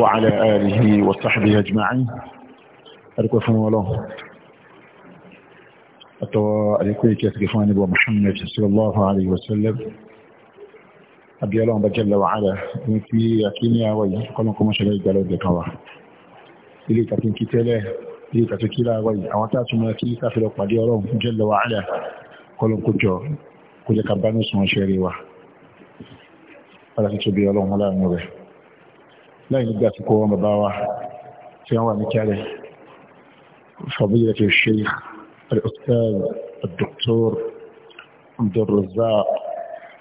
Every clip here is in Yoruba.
وعلى آله وصحبه أجمعين أركوا فهم الله أتوا أركوا يكتفان أبو محمد صلى الله عليه وسلم أبي الله بجل وعلا في أكيني أوي قلنكم شلي قالوا بكوا إلي كتن كتلة إلي كتن كلا أوي أواتاتم لكي كافر أبي الله جل وعلا قلنكم جو كل كبانوس وشيري وح فلا تتبي الله ولا نوره láì nígbà tí kò wọ́n bàbá wa tí wọ́n wà ní kẹ́rẹ̀ فضيلة الشيخ الأستاذ الدكتور عبد الرزاق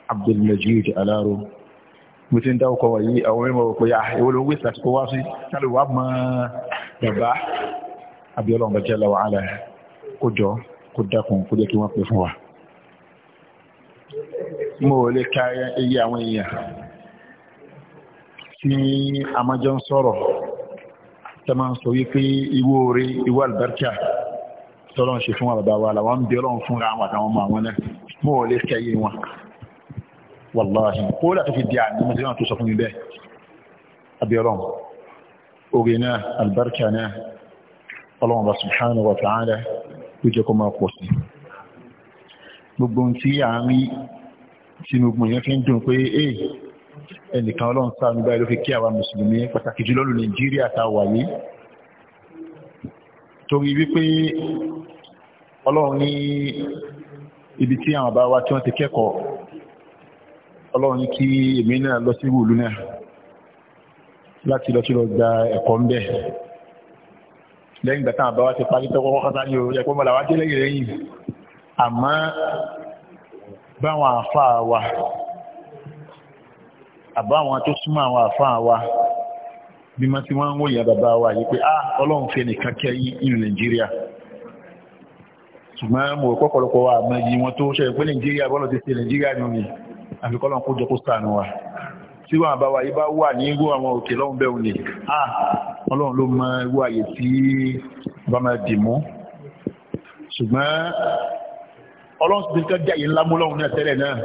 عبد المجيد ألارو mo ti ń dáwọ́ kọ wọ̀nyí àwọn mímọ̀ òkú yá ìwọ́n lóun wíṣà kó wá sí kálù wá mọ́ bàbá abiola ọmọ jẹ́ lọ́wọ́ alẹ́ kó jọ kó dákun kó jẹ́ kí wọ́n pè fún wa. mo lè ka iye àwọn èèyàn tí a máa jọ ń sọ̀rọ̀ tá máa ń sọ wípé ìwọ oore ìwọ àlùbáríkà tọ́lọ́ ń ṣe fún wa bàbá wa làwọn ń bí ọlọ́run fúnra àwọn àtàwọn ọmọ àwọn náà mú wọn lè kẹ́yẹ wọn wàláhì kó dà tó fi di àná mo náà tó sọ fún mi bẹ́ẹ̀ àbí oore náà àlùbáríkà náà ọlọ́run bá subhanahu wa ta'ala ló jẹ́ kó máa pọ̀ sí gbogbo ohun tí à ń rí tí gbogbo fi ń dùn pé ẹnìkan ọlọ́run sáà nígbà ló fi kí àwa mùsùlùmí pàtàkì jùlọ lù nàìjíríà tá a wà yìí torí wípé ọlọ́run ní ibi tí àwọn bá wa tí wọ́n ti kẹ́kọ̀ọ́ ọlọ́run ní kí èmi náà lọ sí ìwòlú náà láti lọ sí lọ gba ẹ̀kọ́ ń bẹ̀ lẹ́yìn ìgbà táwọn bá wa ti parí tọ́kọ́ kọ́kọ́ sáré o ẹ̀kọ́ mọ́lá wa dé lẹ́yìn lẹ́yìn àmọ́ báwọn àáfàá wa àbá àwọn tó súnmọ́ àwọn àfáà wa bí ma ti wọ́n ń bàbá wa yìí pé ah ọlọ́run fẹ́ nìkan kẹ́ ìlú nàìjíríà ṣùgbọ́n mo rò pọ́pọ̀lọpọ̀ wa àmọ́ yìí wọ́n tó ṣe pé nàìjíríà bọ́lọ̀ ti ṣe nàìjíríà nù ni àfi kọ́lọ́n kó jọ kó sànù wa tí wọ́n àbá wa yìí bá wà ní irú àwọn òkè lọ́hùn bẹ́ẹ̀ ni ah ọlọ́run ló mọ irú àyè tí bá máa dì mú ṣùgbọ́n ọlọ́run ti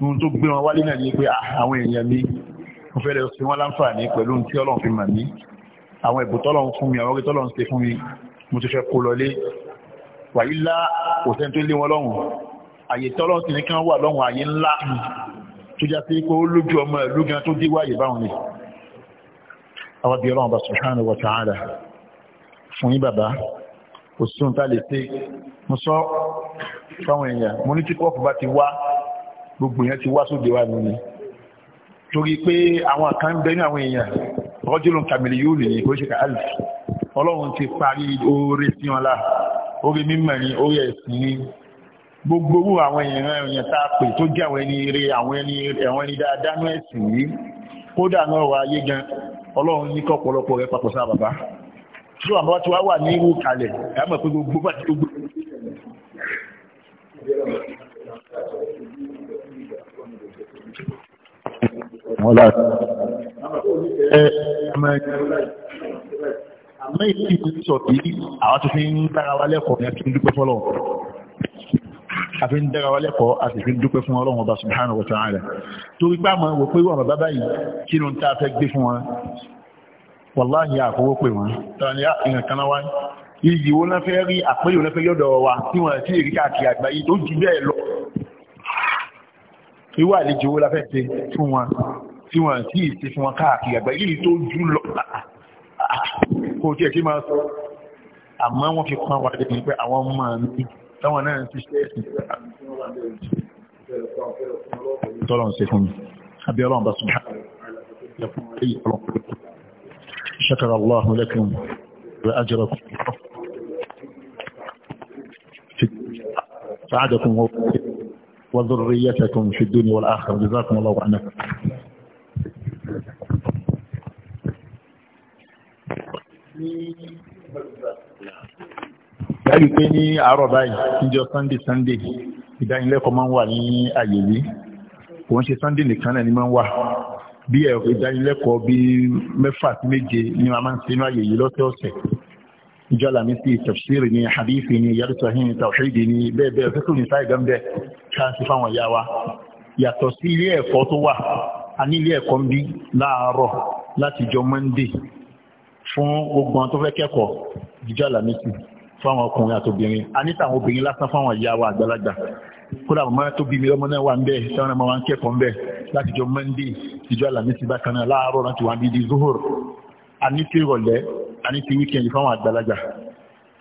ohun tó gbé wọn wálé náà ni pé ah, àwọn èèyàn mi mo fẹ́ lọ sí wọn láǹfààní pẹ̀lú ohun tí ọlọ́run fi mà mí àwọn ẹ̀bùn tọ́lọ́run fún mi àwọn orí tọ́lọ́run ṣe fún mi mo ti fẹ́ kó lọlé wàyí lá kò sẹ́ni tó lé wọn lọ́hùn àyè tọ́lọ́run sì ní kí wọ́n wà lọ́hùn àyè ńlá tó já sí pé ó lójú ọmọ ìlú gan tó díwọ́ àyè báwọn ni àwọn bí ọlọ́run bá subhanahu wa ta'ala fún yín bàbá kò sí ohun tá lè ṣe mo sọ fáwọn èèyàn mo ní tí kọ́ọ̀fù bá ti wá gbogbo yẹn ti wá sóde wa nìyí torí pé àwọn kan bẹ ní àwọn èèyàn rọ́jùlùn kàmìlì yóò lè ó ṣe káàlì ọlọ́run ti parí oore sí wọn lá oore mímọ̀ ní oore ẹ̀sìn ní gbogbo owó àwọn èèyàn èèyàn tá a pè tó jẹ́ àwọn ẹni eré àwọn ẹni ẹ̀wọ̀n ẹni dáadáa ní ẹ̀sìn yìí kódà náà wà ayé gan ọlọ́run ní kọ́ ọ̀pọ̀lọpọ̀ rẹ papọ̀ sáà bàbá tí wọn bá ti wá wà ní irú kalẹ̀ ẹ̀ mọ̀ pé gbogbo bá gbogbo ọ̀la ẹ àmọ́ ìsìn ní sọ̀tì àwọn tó fi ń dára wa lẹ́kọ̀ọ́ ní àti dúpẹ́ fọ́lọ́ àfi ń dára wa lẹ́kọ̀ọ́ àti fi ń dúpẹ́ fún ọlọ́run ọba subhanahu wa ta'ala torí pé àmọ́ wò pé wọ́n bàbá báyìí kí ló ń tá a fẹ́ gbé fún wọn wàláhì àfọwọ́ pè wọ́n tọ́ni ìrìn kan wá iyì wo náà fẹ́ rí àpéyò náà fẹ́ yọ̀dọ̀ wa tí wọ́n ti rí káàkiri àgbáyé tó ju bẹ́ẹ̀ lọ irú àlejò wo la fẹ́ ṣe fún wọn tí wọ́n tí ì ṣe fún wọn káàkiri àgbà yìí tó jù lọ kò tí ẹ̀ kí máa sọ àmọ́ wọ́n fi pọ́n wáyé ní pé àwọn ọmọ mi táwọn náà ti ṣe ẹ̀sìn tọ́lọ̀ ń ṣe fún mi àbí ọlọ́run bá sùnmọ́ ẹ̀fún ẹ̀yìn ọlọ́run ṣẹ́kọ̀rọ̀ aláhùn lẹ́kùn rẹ̀ ájọ́rọ̀ سعادكم وذريتكم في الدنيا والآخرة جزاكم الله عنكم sí dájú pé ní àárọ̀ báyìí níjọ́ sunday sunday ìdánilẹ́kọ̀ọ́ máa ń wà ní àyè yìí òun ṣe sunday nìkan náà ni máa ń wà bí ẹ̀rọ ìdánilẹ́kọ̀ọ́ bí mẹ́fà sí méje ni a máa ń sinú àyè yìí lọ́sẹ̀ọ̀sẹ̀ ìjọ alamisi tafsiri ni hadithi ni yàrá sahin tawhidi ni bẹ́ẹ̀ bẹ́ẹ̀ fẹ́kùn ní sáì gánbẹ́ káàsì fáwọn ìyá wa yàtọ̀ sí ilé ẹ̀kọ́ tó wà a ní ilé ẹ̀kọ́ ń bí láàárọ̀ láti jọ monday fún ogbọn tó fẹ́ kẹ́kọ̀ọ́ jíjọ́ àlàmísì fáwọn ọkùnrin àtòbìnrin a ní tàwọn obìnrin lásán fáwọn ìyá wa àgbàlagbà kódà màmá tó bí mi ọmọ náà wà ń bẹ sẹ́wọ́n náà wà ń kẹ́kọ̀ọ́ ń bẹ láti jọ mọ́ndé ìjọ àlàmísì bákan náà láàárọ̀ láti wà ní di zuhur a ní ti rọ̀lẹ́ a ní ti wíkẹ́ndì fáwọn àgbàlagbà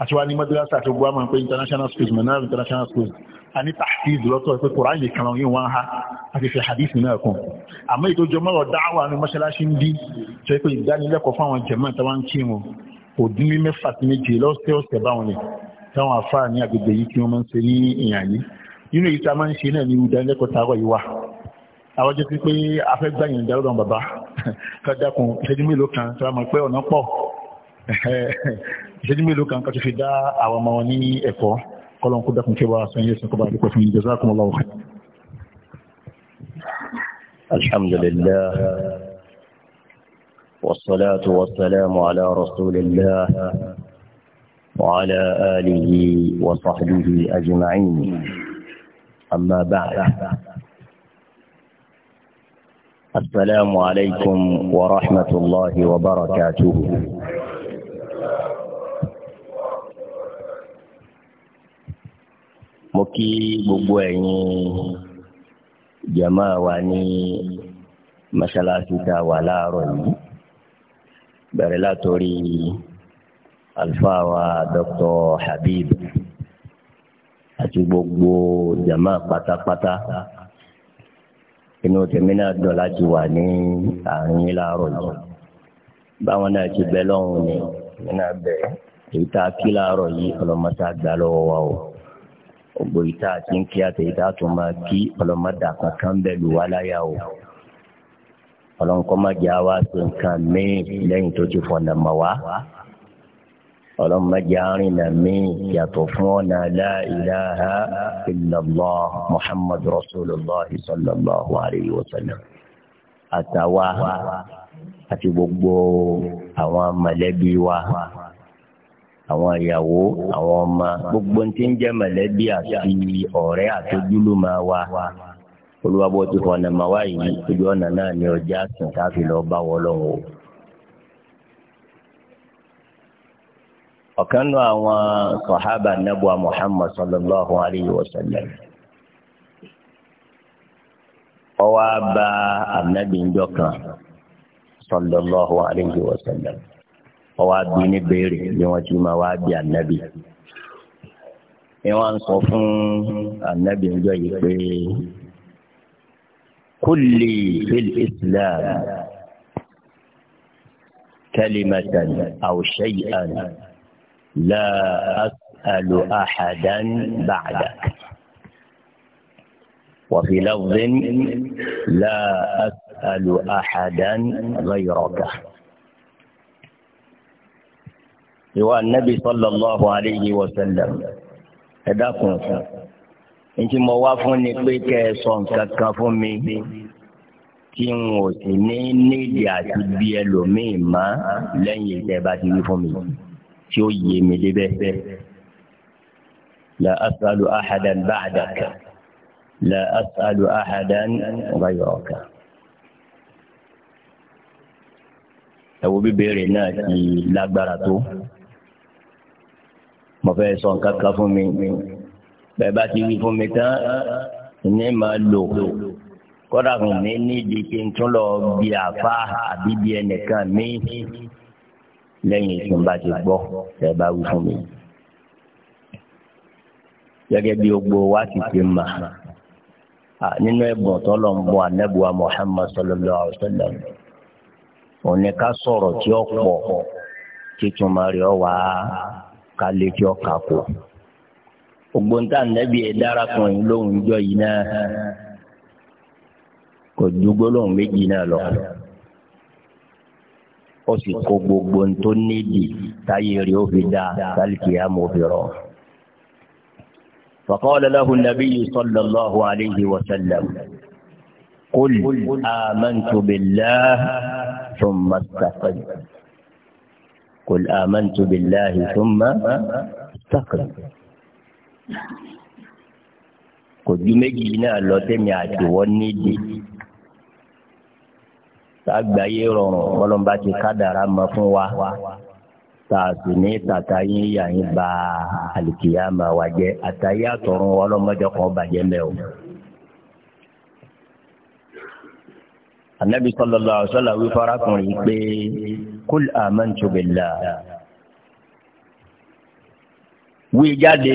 àti wá ní madrasa àti ogun àmà pé international schools manara international schools a ní tahfiz lọ́tọ̀ pé koran lè kan yíò wọ́n ha àti fi hadith náà kún àmọ́ ètò jọmọ́rọ̀ dáwà ní mọ́ṣáláṣí ń bí tó pé ìdánilẹ́kọ̀ọ́ fún jẹ̀mọ́ ìtawà kí wọn kò dín ní mẹ́fà sí méje lọ́sẹ̀ báwọn ni táwọn afáà ní agbègbè yìí tí wọ́n máa ń ṣe ní ìyàn yìí nínú èyí tá a máa ń ṣe náà ní ìdánilẹ́kọ̀ọ́ táwọ̀ yìí wà àwọn jẹ́ pé a fẹ́ gbà yẹn dárúdàn bàbá ká dákun ìṣẹ́jú mélòó kan tí wọ́n mọ̀ pé ọ̀nà pọ̀ جدمي لو كان كتفيدا او ماوني افو كلون كو دكم كيبا سن يوسف كبا ديكو سن جزاكم الله خير الحمد لله والصلاة والسلام على رسول الله وعلى آله وصحبه أجمعين أما بعد السلام عليكم ورحمة الله وبركاته kí gbogbo ẹ̀yin jàmá wa ní mọ́ṣáláṣí tá a wà láàárọ̀ yìí bẹ̀rẹ̀ látòrí àlùfáà wa Dr. Habib àti gbogbo jàmá pátápátá inú tèmi náà dọ̀ láti wà ní àárín yín láàárọ̀ yìí báwọn náà ti bẹ lọ́hùn ni èmi náà bẹ̀ èyí tá a kí láàárọ̀ yìí ọlọ́mọta gbà lọ́wọ́ wa o gbogbo ìta àti ń kí àtẹ̀yìntà tó máa kí ọlọ́mọdà kankan bẹ́ẹ̀ lù wá láyà o ọlọ́run kọ́ má jẹ́ àwa ṣe nǹkan míì lẹ́yìn tó ti fọ̀nà mọ̀ wá ọlọ́run má jẹ́ àrìnà míì yàtọ̀ fún ọ̀nà la ilaha muhammadu rasulullah sallallahu alayhi wa sallam àti gbogbo àwọn mọ̀lẹ́bí wa àwọn ìyàwó àwọn ọmọ gbogbo tí ń jẹ́ mọ̀lẹ́bí àti ọ̀rẹ́ àtọ́júlùmọ̀ wa olùwàbọ̀ ti fọ̀nà mà wá yìí ojú ọ̀nà náà ni ọjà sùn káfí lọ bá wọ lọ́wọ́. ọ̀kan nù àwọn sọ̀hábà nàbùwà Muhammad sallallahu alayhi wa sallam ọwọ́ bá anabi njọ́ kan sallallahu alayhi wa sallam kọ́ wá bí ní béèrè bí wọ́n ti máa wá bí ànábì. ni wọ́n sọ fún ànábì ọjọ́ yìí pé kulli fil islam kalimatan aw shay'an la as'alu ahadan ba'dak. وفي لفظ لا أسأل أحدا غيرك ìwà nẹ́bí sallallahu alayhi wa sallam ẹ dákun fún un tí mo wá fún ni pé kẹ́ ẹ sọ nǹkan kan fún mi tí n ò sì ní nídìí àti bí ẹlòmíì má lẹ́yìn ìtẹ́ bá ti wí fún mi tí ó yé mi débẹ̀. la as'alu ahadan ba'daka la as'alu ahadan ghayraka. ẹ wo bíbélì náà ti lágbára tó mo fẹ́ sọ nǹkan kan fún mi bẹ́ẹ̀ bá ti wí fún mi tán ní máa lò kódà kò ní níbi kí n tún lọ bí àfa àbí bí ẹnìkan mi lẹ́yìn tí n bá ti gbọ́ bẹ́ẹ̀ bá wí fún mi. gẹ́gẹ́ bí gbogbo wa ti ti mà nínú ẹ̀bùn tọ́lọ̀ ń bọ̀ anábùwà Muhammad sallallahu alaihi wasallam òun ni ká sọ̀rọ̀ tí ó pọ̀ títún máa rí ọ wá ọ̀ka lé kí ọ̀ka kù. gbogbo ń tà nẹ́bí ẹ̀ dára kan yìí lóhùn jọ yìí náà kò dúgbò lóhùn méjì náà lọ. ó sì kó gbogbo tó nídìí táyé rẹ̀ ó fi dáa sálìkì àmọ́ òfin rọ̀. فقال له النبي صلى الله عليه وسلم قل آمنت بالله ثم استقم قل آمنت بالله ثم استقر kò ju méjì náà lọ tẹ́mi àtiwọ́ nídìí tágbàáyé rọrùn kọlọ́mbà ti kádàrá mọ́ fún wa tá a sì ní tàtà yín yà yín ba àlìkìyà mà wá jẹ àtàyé àtọ̀run ọlọ́mọdé kan bàjẹ́ mẹ́ anabi sallallahu alaihi wasallam wí fọ́rakùnrin pé kul amantu billah wí jáde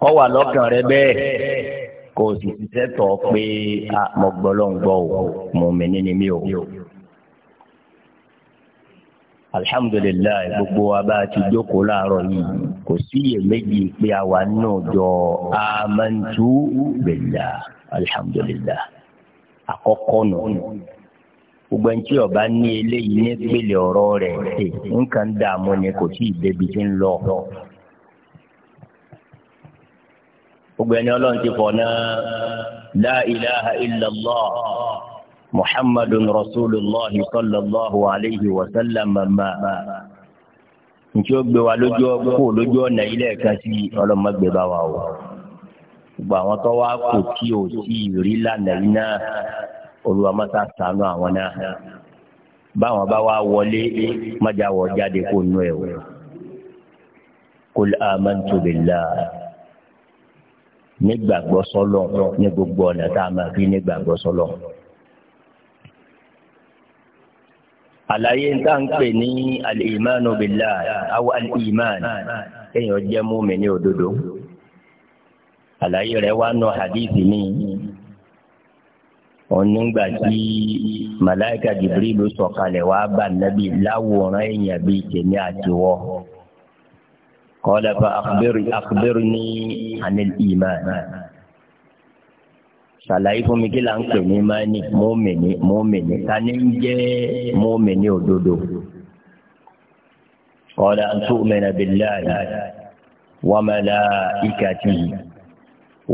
kọ́ wà lọ́kàn rẹ bẹ́ẹ̀ kò sì ṣiṣẹ́ tọ̀ pé mo gbọ́ ló ń gbọ́ o mo mì ní ni mí o. alhamdulilayi gbogbo wa ti jókòó láàárọ̀ yìí kò síyèméjì pé a wà nínú ọjọ́ amantu billah alhamdulilayi àkọ́kọ́ nù. No gbogbo ẹni tí ọba ní eléyìí ní pèlè ọ̀rọ̀ rẹ̀ ṣe eh, nǹkan dààmú ni kò tí ì débi tí ń lọ. gbogbo ẹni ọlọ́run ti fọ̀ náà la ilaha illallah muhammadun rasulillah sallallahu alayhi wa sallam ma nti o gbé wa lójú kó lójú ọ̀nà ilé ẹ̀ka sí ọlọ́mọgbé bá wa o gbogbo àwọn tó wá kò tí o tí ì rí lánàá yìí olúwa mọ́tà sànú àwọn náà báwọn bá wá wọlé májáwọ̀ jáde kó nú ẹ̀ wò kul amantu billah nígbàgbọ́ sọ́lọ̀ ní gbogbo ọ̀nà tá a máa fi nígbàgbọ́ sọ́lọ̀. àlàyé ń tàn pè ní alìmánu billah aw alìmán kéèyàn jẹ́ mùmínì òdodo àlàyé rẹ̀ wá nù hadithi míì onígbà tí màláìka Jibril sọ̀kalẹ̀ wá bá nàbí láwòrán èèyàn bíi tèmi àti wọ. qala fa akhbirni anil iman. sàlàyé fún mi kí là ń pè ní mání mọ́mìnì mọ́mìnì ta ni ń jẹ́ mọ́mìnì òdodo. qala an tu'mina billahi wa malaikatihi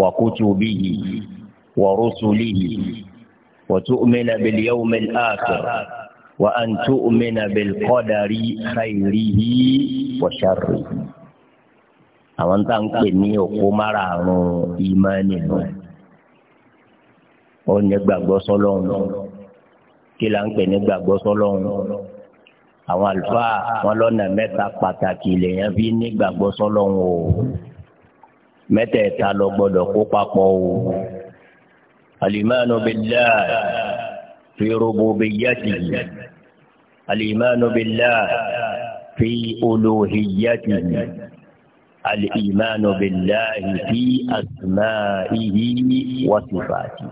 wa kutubihi وتؤمن باليوم الآخر وأن تؤمن بالقدر خيره وشره àwọn tá à ń pè ní òkú márààrún ìmánì nù ó ní gbàgbọ́ sọ́lọ́run kí là ń pè ní gbàgbọ́ sọ́lọ́run àwọn àlùfáà wọn lọ́nà mẹ́ta pàtàkì lèèyàn fi ní gbàgbọ́ sọ́lọ́run o mẹ́tẹ̀ẹ̀ta lọ gbọ́dọ̀ kó papọ̀ o. الإيمان بالله في ربوبيته الإيمان بالله في ألوهيته الإيمان بالله في أسمائه وصفاته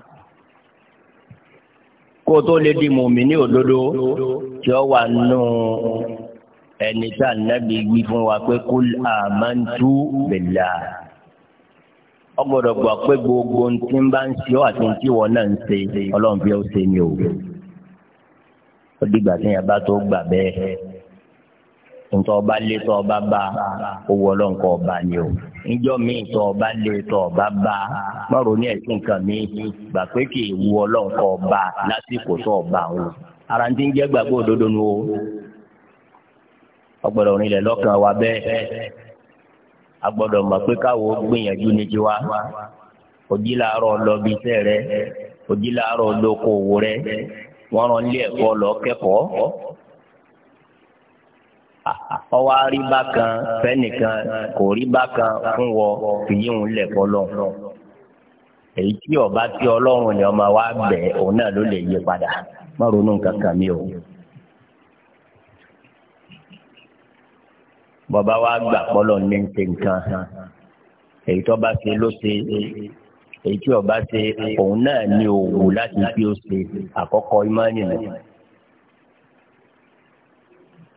kó tó lè di mùmíní òdodo tí ó wà nù ẹni tá a nàbí wí fún wa pé kul amantu billah ọgbọ́dọ̀ gbọ́ pé gbogbo ntí ń bá ń ṣe ọ àti ntí wọn náà ń ṣe Ọlọ́run fi ó ṣe ni o ó dìgbà tí yẹn bá tó gbà bẹ́ẹ̀ ntọ́ ọba lé tọ́ ọba bá owó Ọlọ́run kọ́ ọba ni o níjọ́ míì tọ́ ọba lé tọ́ ọba bá mọ́rò ní ẹ̀sìn kan mi gbà pé kì í wu Ọlọ́run kọ́ ọba lásìkò tọ́ ọba òun ara ń ti ń jẹ́ gbàgbọ́ òdodo nu o ọgbọ́dọ̀ òrin lẹ̀ lọ́kàn wa bẹ́ẹ̀. a gbọ́dọ̀ mọ̀ pé káwo gbìyànjú ní wa òjì làárọ̀ lọ́bi iṣẹ́ rẹ òjì làárọ̀ lókoòwò rẹ wọn rán ilé ẹ̀kọ́ lọ kẹ́kọ̀ọ́ ọwọ́ àríbá kan fẹ́nìkan kò ríbá kan fún wọ fìyíhùn lẹ̀kọ́ lọ èyí tí ọba tí ọlọrun ni ọmọ wa bẹ òun náà ló lè yí padà má ronú nǹkan kan mi o. bàbá wa gbà pọ́lọ̀ ní ṣe nǹkan èyí tó bá ṣe ló ṣe èyí tí ọba ṣe òun náà ní òwò láti bí ó ṣe àkọ́kọ́ ìmánì rẹ̀.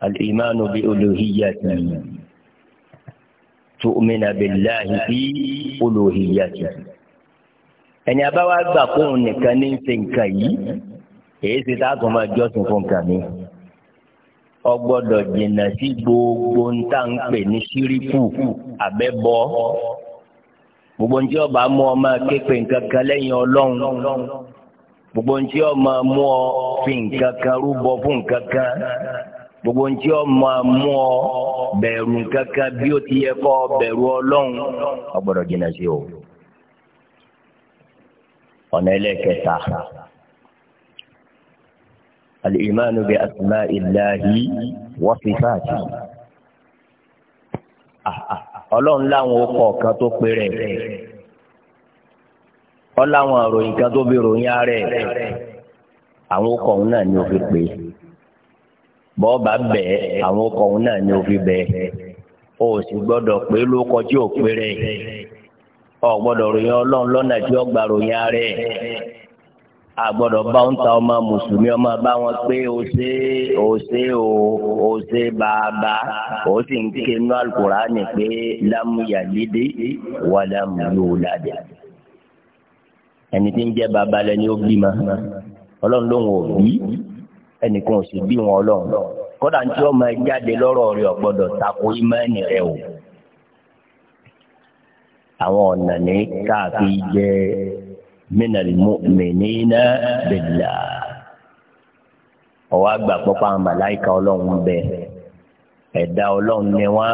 الإيمان بألوهيته تؤمن بالله في ألوهيته ẹni abáwá gbà fóun nìkan ní ṣe yìí èyí ṣe tá máa jọ́sìn fún nǹkan mi ọgbọ́dọ̀ jìnnà sí gbogbo ń tà ń pè ní síríkù àbẹ́bọ gbogbo ń tí ọba mú ọmọ képe nǹkan kan lẹ́yìn ọlọ́run gbogbo ń tí ọmọ mú ọ fi nǹkan kan rúbọ fún nǹkan gbogbo ń tí mú ọ bẹ̀rù nǹkan bí ó ti yẹ kọ́ bẹ̀rù ọlọ́run ọgbọ́dọ̀ jìnnà sí o ọ̀nà ẹlẹ́kẹta. الإيمان بأسماء الله وصفاته ah, ah, ọlọ́run láwọn ụkọ kan tó pe rẹ̀ ọ àròyìn kan tó bí ròyìn ààrẹ àwọn ọkọ̀ òun ni o fi pè bọ́ọ̀bà bẹ́ẹ̀ àwọn ọkọ̀ òun náà ni o fi bẹ́ẹ̀ gbọ́dọ̀ pé tí pe rẹ̀ gbọ́dọ̀ ròyìn lọ́nà tí a gbọ́dọ̀ bá ń ta ọmọ mùsùlùmí ọmọ bá wọn pé o ṣe o ṣe o o ṣe bàbá o sì ń ké nú alukurani pé lámúyàlédè wà lámúyòládé ẹni tí ń jẹ bàbá lẹ ni ó bí ma ọlọ́run ló ń wò bí ẹnìkan ò sì bí wọn ọlọ́run kódà ń tí ọmọ ẹ jáde lọ́rọ̀ rẹ̀ ọ̀gbọ́dọ̀ tako ìmọ̀ẹ́nì rẹ o àwọn ọ̀nà ní káàkiri jẹ́ من المؤمنين بالله billah ọwọ́ àgbà pọ́pọ́ àwọn màláìka ọlọ́run bẹ ẹ̀dá ọlọ́run ni wọ́n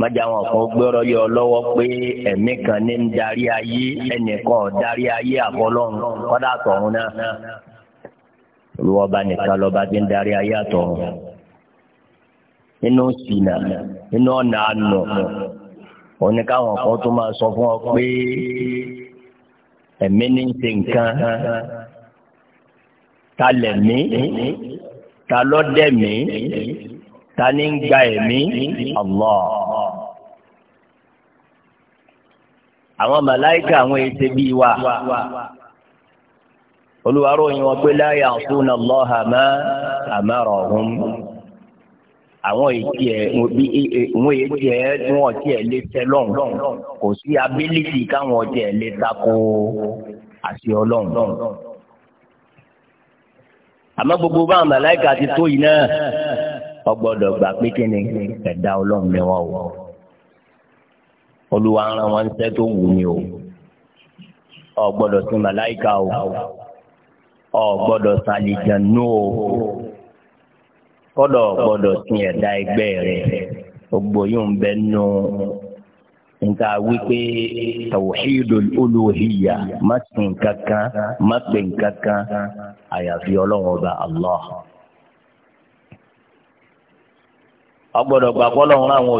májà wọn kan gbọ́rọ̀ yọ lọ́wọ́ pé ẹ̀mí kan ní ń darí ayé ẹnìkan darí ayé àfọlọ́run kọ́dà tọ̀run náà olùwọ́ba nìkan lọ́ba ti ń darí ayé àtọ̀run nínú sínà nínú ọ̀nà àná òun ni káwọn kan tó máa sọ fún ọ pé ẹ̀mí ní ṣe nǹkan ta lẹ̀mí ta lọ́dẹ̀mí ta ní ń gba ẹ̀mí Allah. àwọn màláìka àwọn èsè bíi wa olùwárò yìí wọn pé la ya'suna Allaha ma amarahum àwọn ètí ẹ wọn ètí ẹ wọn ọtí ẹ lé tẹ lọhùn kò sí ability káwọn ọtí ẹ lé tako àṣẹ Ọlọ́run àmọ́ gbogbo bá àwọn màláìka ti tó yìí náà ọgbọ́dọ̀ gbà pé kí ni ẹ̀dá Ọlọ́run ni wọn wọ Olúwa ń ran wọn ń sẹ tó wù ní o ọgbọ́dọ̀ sí màláìka o ọgbọ́dọ̀ sàlìjàn nù o. kọ́dọ̀ gbọ́dọ̀ sin ẹ̀dá ẹgbẹ́ rẹ̀ gbogbo yóò bẹ nù nta wípé tawhidul uluhiyya má sin kankan má pè kankan àyàfi ọlọ́run ọba allah kọlọrun àwọn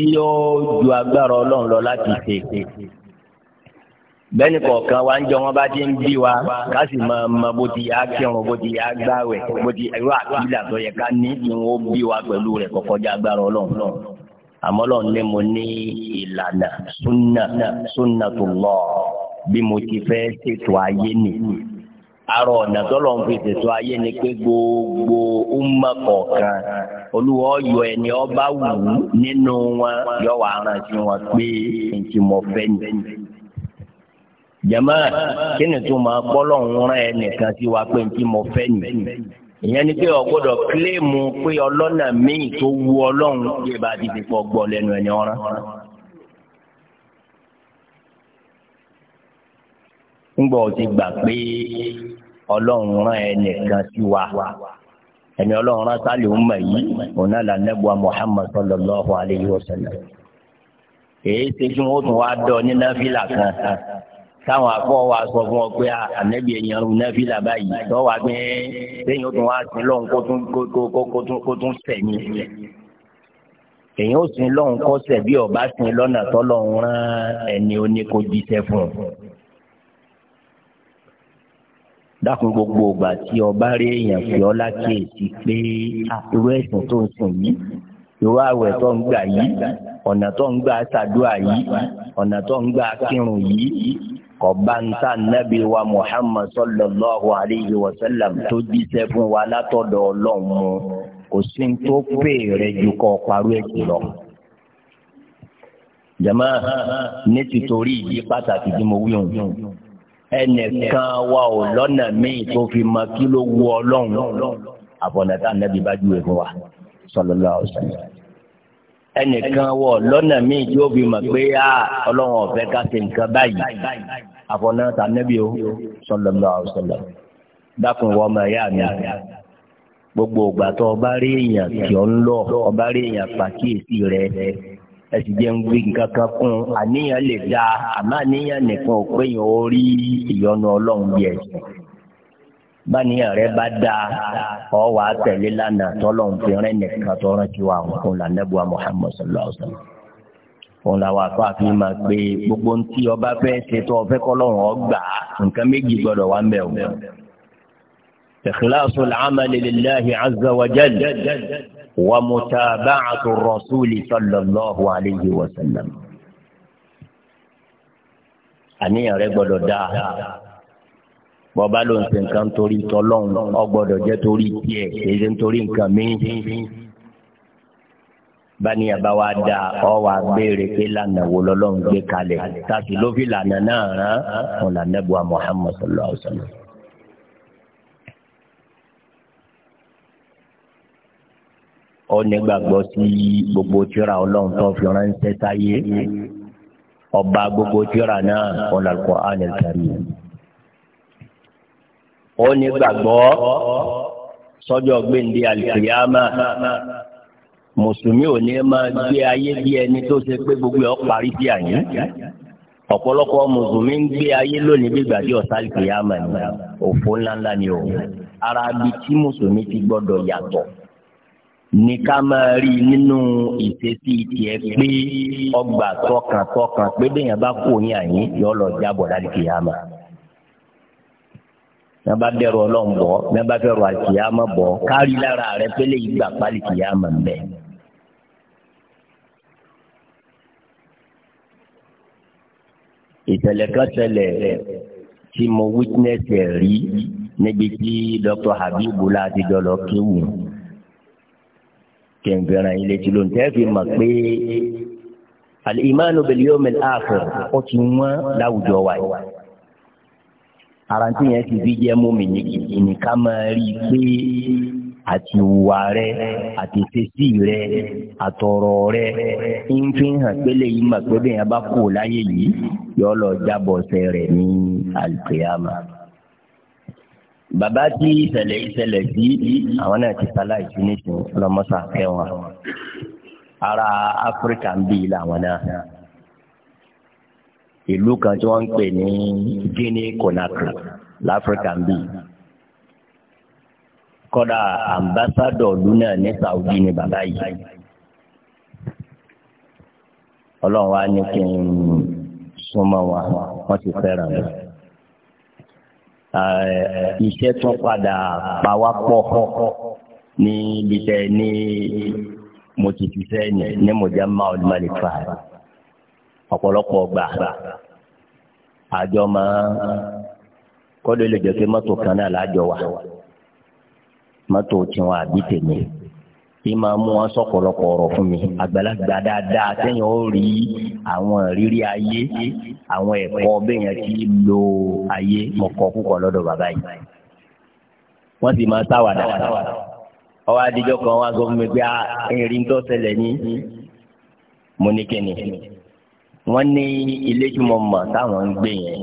ju agbára lọ láti bẹ́ẹ̀ni kọ̀ọ̀kan wa ń jọ wọn bá ti ń bí wa ká sì mọ mọ bó ti yà á kírun bó ti yà á gbàwẹ̀ bó ti irú àkìlà tó yẹ ká ní kí wọ́n bí wa pẹ̀lú rẹ̀ kọ̀kọ́jà agbára ọlọ́run àmọ́ lọ́n ní mo ní ìlànà súnà súnà tó lọ bí mo ti fẹ́ ṣètò ayé nì. arọ ọ̀nà tọ́lọ̀ ń fi ṣètò ayé ni pé gbogbo ọmọ kọ̀ọ̀kan olúwa ọyọ ẹni ọba wù nínú wọn yọ wàá rántí wọn pé ntí mo fẹ́ nìyí jama kí ni tó máa gbọ́lọ̀ ń rán ẹ nìkan sí wa pé ntí mo fẹ́ nìyí ìyẹn ni pé o gbọ́dọ̀ kílèmù pé ọlọ́nà míì tó wu ọlọ́run yé bá ti fi pọ̀ gbọ́ lẹ́nu ẹni ọ̀rán. ńgbọ́ ọ ti gbà pé ọlọ́run rán ẹ nìkan sí wa ẹni ọlọ́run rán sálẹ̀ ń mọ̀ yìí òun náà là nẹ́bùa Muhammad sallallahu alayhi wa sallam. èyí ṣe kí wọ́n tún wá dọ̀ ní náfìlà kan táwọn afọ wa sọ fún ọ pé ànẹ́bí ẹ̀yàn ọ̀run náà fi làbá yìí tọ́ wa gbé lẹ́yìn ó tún wá sí lọ́hùn kó tún kó tún sẹ̀yìn èyàn ó sin lọ́hùn kó sẹ̀ bí ọba sin lọ́nà tọ́lọ́hùn rán ẹni oníkó jíṣẹ́ fún un. dákun gbogbo ìgbà tí ọba rí èèyàn fi ọlá kíyèsí pé irú ẹ̀sìn tó ń sìn yìí irú àwẹ̀ tó ń gbà yìí ọ̀nà tó ń gbà ṣàdúrà yìí ọ̀nà tó ń gbà kírun yìí kọba nta nabi wa muhammad sallallahu alayhi wa sallam tó jíṣẹ́ fún wa látọ̀dọ̀ Ọlọ́run mu kò sí tó pè rẹ ju kọ parú ẹsẹ lọ. jama ní tìtorí yìí pàtàkì tí mo wí òun ẹnìkan wa ò lọ́nà míì tó fi mọ kí ló wu Ọlọ́run àfọ̀nàtà nabi bá júwe fún wa sallallahu alayhi wa sallam ẹnìkan wọ lọ́nà míì tí ó fi mọ̀ pé a ah, ọlọ́run ká ṣe nǹkan báyìí àfọ̀nà tànẹ́bí o sallallahu alaihi wasallam dákun wọ́n ọmọ ẹ̀yà mi gbogbo ògbà tó ọba rí èèyàn tí ó ń lọ ọba rí èèyàn pàkíyèsí rẹ ẹ sì jẹun gbé kún àníyàn lè da àmọ́ àníyàn nìkan ò pé yẹn ó rí ìyọnu ọlọ́run bí ẹ̀sìn báníyàn rẹ bá da ọ wàá tẹ̀lé lánàá tọ́lọ́run fi rẹ́ nìkan tọ́rọ́ tí wàá ń kún lànà Muhammad sallallahu alaihi wa sallam wọn làwọn afọ àfihàn máa pé gbogbo ntí ọba fẹ́ ṣètò ọfẹ kọlọrun ọgbà nǹkan méjì gbọ́dọ̀ wà mbẹ o. إخلاص العمل لله عز وجل ومتابعة الرسول صلى الله عليه وسلم àníyàn rẹ gbọ́dọ̀ dáa bọba ló ń ṣe nǹkan torí tọlọ́run ọ gbọ́dọ̀ jẹ́ torí tiẹ̀ èyí ń torí nǹkan mìíràn bani yaba wa da ọ wa béèrè pé lànà wo lọ́lọ́run gbé kalẹ̀ tàbí ló fi lànà náà rán wọn lànà bu Muhammad sallallahu alaihi wa sallam. ó nígbàgbọ́ sí gbogbo tírà ọlọ́run tó fi ránṣẹ́ sáyé ọba gbogbo tírà náà wọn lànà Qur'an al-Karim. ó nígbàgbọ́ sọ́jọ́ gbẹ̀ndé al-Qiyamah mùsùlùmí ò ní máa gbé ayé bí ẹni tó ṣe pé gbogbo ẹ̀ parí sí àyè ọ̀pọ̀lọpọ̀ mùsùlùmí ń gbé ayé lónìí bí gbàdí ọ̀sálì kìyàmà ni òfò ńláńlá ni o ara bí tí mùsùlùmí ti gbọ́dọ̀ yàtọ̀ ní ká máa rí nínú ìṣesí tiẹ̀ pé ọgbà tọkàntọkàn pé bẹ́yàn bá kó yín àyè yọ lọ jábọ̀ láti kìyàmà ní bá bẹ̀rù ọlọ́run bọ̀ ní bá bẹ̀rù àkìyàmà bọ̀ kárí lára rẹ pé lè pálí kìyàmà ń ìṣẹ̀lẹ̀ kan ṣẹlẹ̀ tí mo witness ẹ̀ rí níbi tí Dr. Habibu láti jọ lọ kéwù kẹ̀ǹfẹ̀ràn ilé tí ló ń tẹ́ fi mọ̀ pé al-imanu bil-yawm al ó ti wọ́n láwùjọ wa yìí ara yẹn ti fi jẹ́ mú mi ní máa rí i pé. àti ìwà rẹ àti ìfesí rẹ atọrọ rẹ ń fi hàn pé lẹ́yìn mà pé bá láyé yìí yọ lọ jábọ̀ rẹ ní bàbá tí ìṣẹ̀lẹ̀ ìṣẹ̀lẹ̀ sí àwọn náà ti kẹwọn ara áfíríkà ń bí làwọn náà kan tí ń pè ní Guinea kọ́dà ambassadọ̀ ọdún náà ní Saudi ni bàbá yìí ọlọ́run wa ní kí n súnmọ́ wa wọ́n ti fẹ́ràn mi. iṣẹ́ tún padà pawápọ̀ ní ibiṣẹ́ ní mo ti ṣiṣẹ́ ní mojá maud malifa ọ̀pọ̀lọpọ̀ gbà àjọ máa kọ́dọ̀ lè jẹ́ pé mọ́tò kan náà lájọ wà mọ́tò tiwọn àbí tèmi ìmọ̀ mú wọn sọ̀kọ̀lọ̀kọ̀ ọ̀rọ̀ fún mi àgbàlagbà dáadáa sẹ́yìn ó rí àwọn ìrírí ayé àwọn ẹ̀kọ́ bẹ́yẹn ti lo ayé mọ̀kọ́ púpọ̀ lọ́dọ̀ bàbá yìí wọ́n sì máa sáwàdà ọwọ́ adijọ́ kan wá sọ fún mi pé erin ah, tó ṣẹlẹ̀ ní mo ní kíni wọ́n ní ilé tí mo mọ̀ táwọn ń gbé yẹn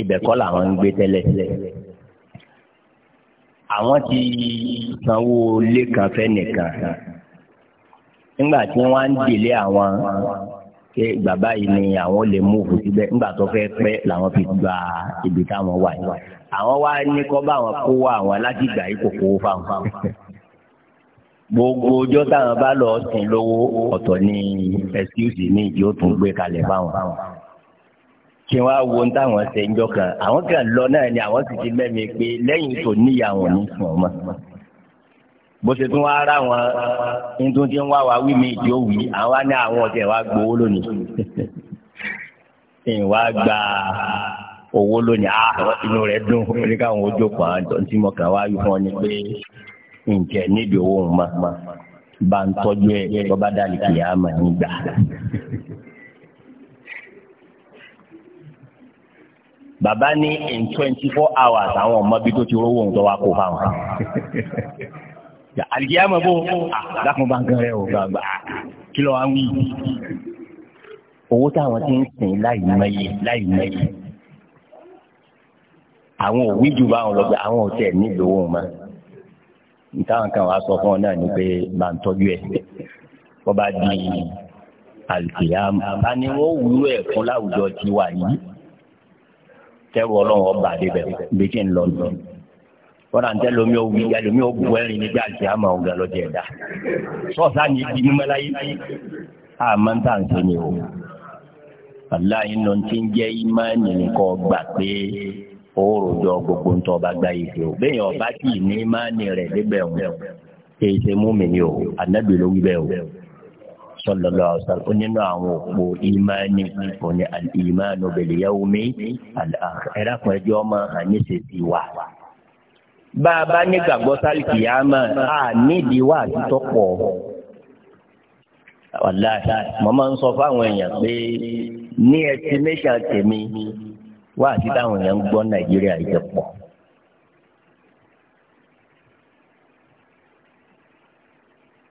ibẹ̀ kọ́ làwọn ń gbé tẹ́lẹ̀ tẹ́lẹ̀ àwọn ti sanwó lẹ́kàn fẹ́ nìkan nígbà tí wọ́n á ń délé àwọn pé bàbá yìí ni àwọn lè múùfù síbẹ̀ nígbà tó fẹ́ pẹ́ làwọn fi gba ibi táwọn wà yìí àwọn wá ní kọ́ bá àwọn kó wá àwọn láti gbà yìí kò kó fáwọn gbogbo ọjọ́ táwọn bá lọ sìn lówó ọ̀tọ̀ ni excuse mi yóò tún gbé kalẹ̀ fáwọn kí wọ́n wo ń táwọn ṣe ń jọ kan àwọn kan lọ náà ni àwọn sì ti mẹ́mi pé lẹ́yìn tó níyàwó ní sùn ọmọ bó ṣe tún wá rà wọn ní tó ti ń wá wa wí mi ìdí òwì àwa ní àwọn ọ̀tẹ̀ wa gbowó lónìí ìwà gba owó lónìí a ah, inú rẹ̀ dùn oníkàwọn ojú kan àjọ tí mo kàn wá yìí fún ọ ni pé ǹjẹ́ níbi owó ń ma bá ń tọ́jú ẹ̀ tó bá dà ní kìlíàmà nígbà. bàbá ní in twenty four hours àwọn ọmọ bí tó ti rówó òun tó wá kó fáwọn àlìkíyàmọ̀ bó dákun bá ń gan rẹ̀ ò gbàgbà kí ló wá ń wí owó táwọn ti ń sìn láì mẹyẹ láì mẹyẹ àwọn òwí ju bá àwọn lọgbà àwọn òtẹ nílò wọn mọ nítawọn kan wàá sọ fún ọ náà ni pé máa ń tọ́jú ẹ bọ́ bá di àlìkíyàmọ̀ bá ní wọ́n wúlò ẹ̀ fún láwùjọ tiwa yìí kẹrù ọlọ́run ọba àdébẹ̀ bí kí n lọ lọ kọ́dà ń tẹ́lẹ̀ omi òwú ìyá lómi òwú ẹ̀rin níbi àti àmà ògà lọ́jọ́ ẹ̀dá sọ́ọ̀sá ni ibi mímọ́ láyé àmọ́ ń tà ń sọ ni o aláì nà ti ń jẹ́ ìmánì nǹkan gbà pé òórùjọ gbogbo ń tọ́ ọba gba ìfẹ́ o bẹ́ẹ̀ ọba kì í ní ìmánì rẹ̀ débẹ̀ o èyí ṣe mú mi ni o ànábì ló ń o sallallahu alaihi wasallam ó nínú àwọn òpó ìmánì òní al-imanu bil yawmi al-akhir ẹ̀rọ àkùnrin ọmọ àníṣe ti wà bá a bá ní gbàgbọ́ sálìkì yá mọ̀ a nídìí wà títọ́ pọ̀ wàláhì mo máa ń sọ fáwọn èèyàn pé ní estimation tèmi wà sí táwọn èèyàn ń gbọ́ nàìjíríà ìjọpọ̀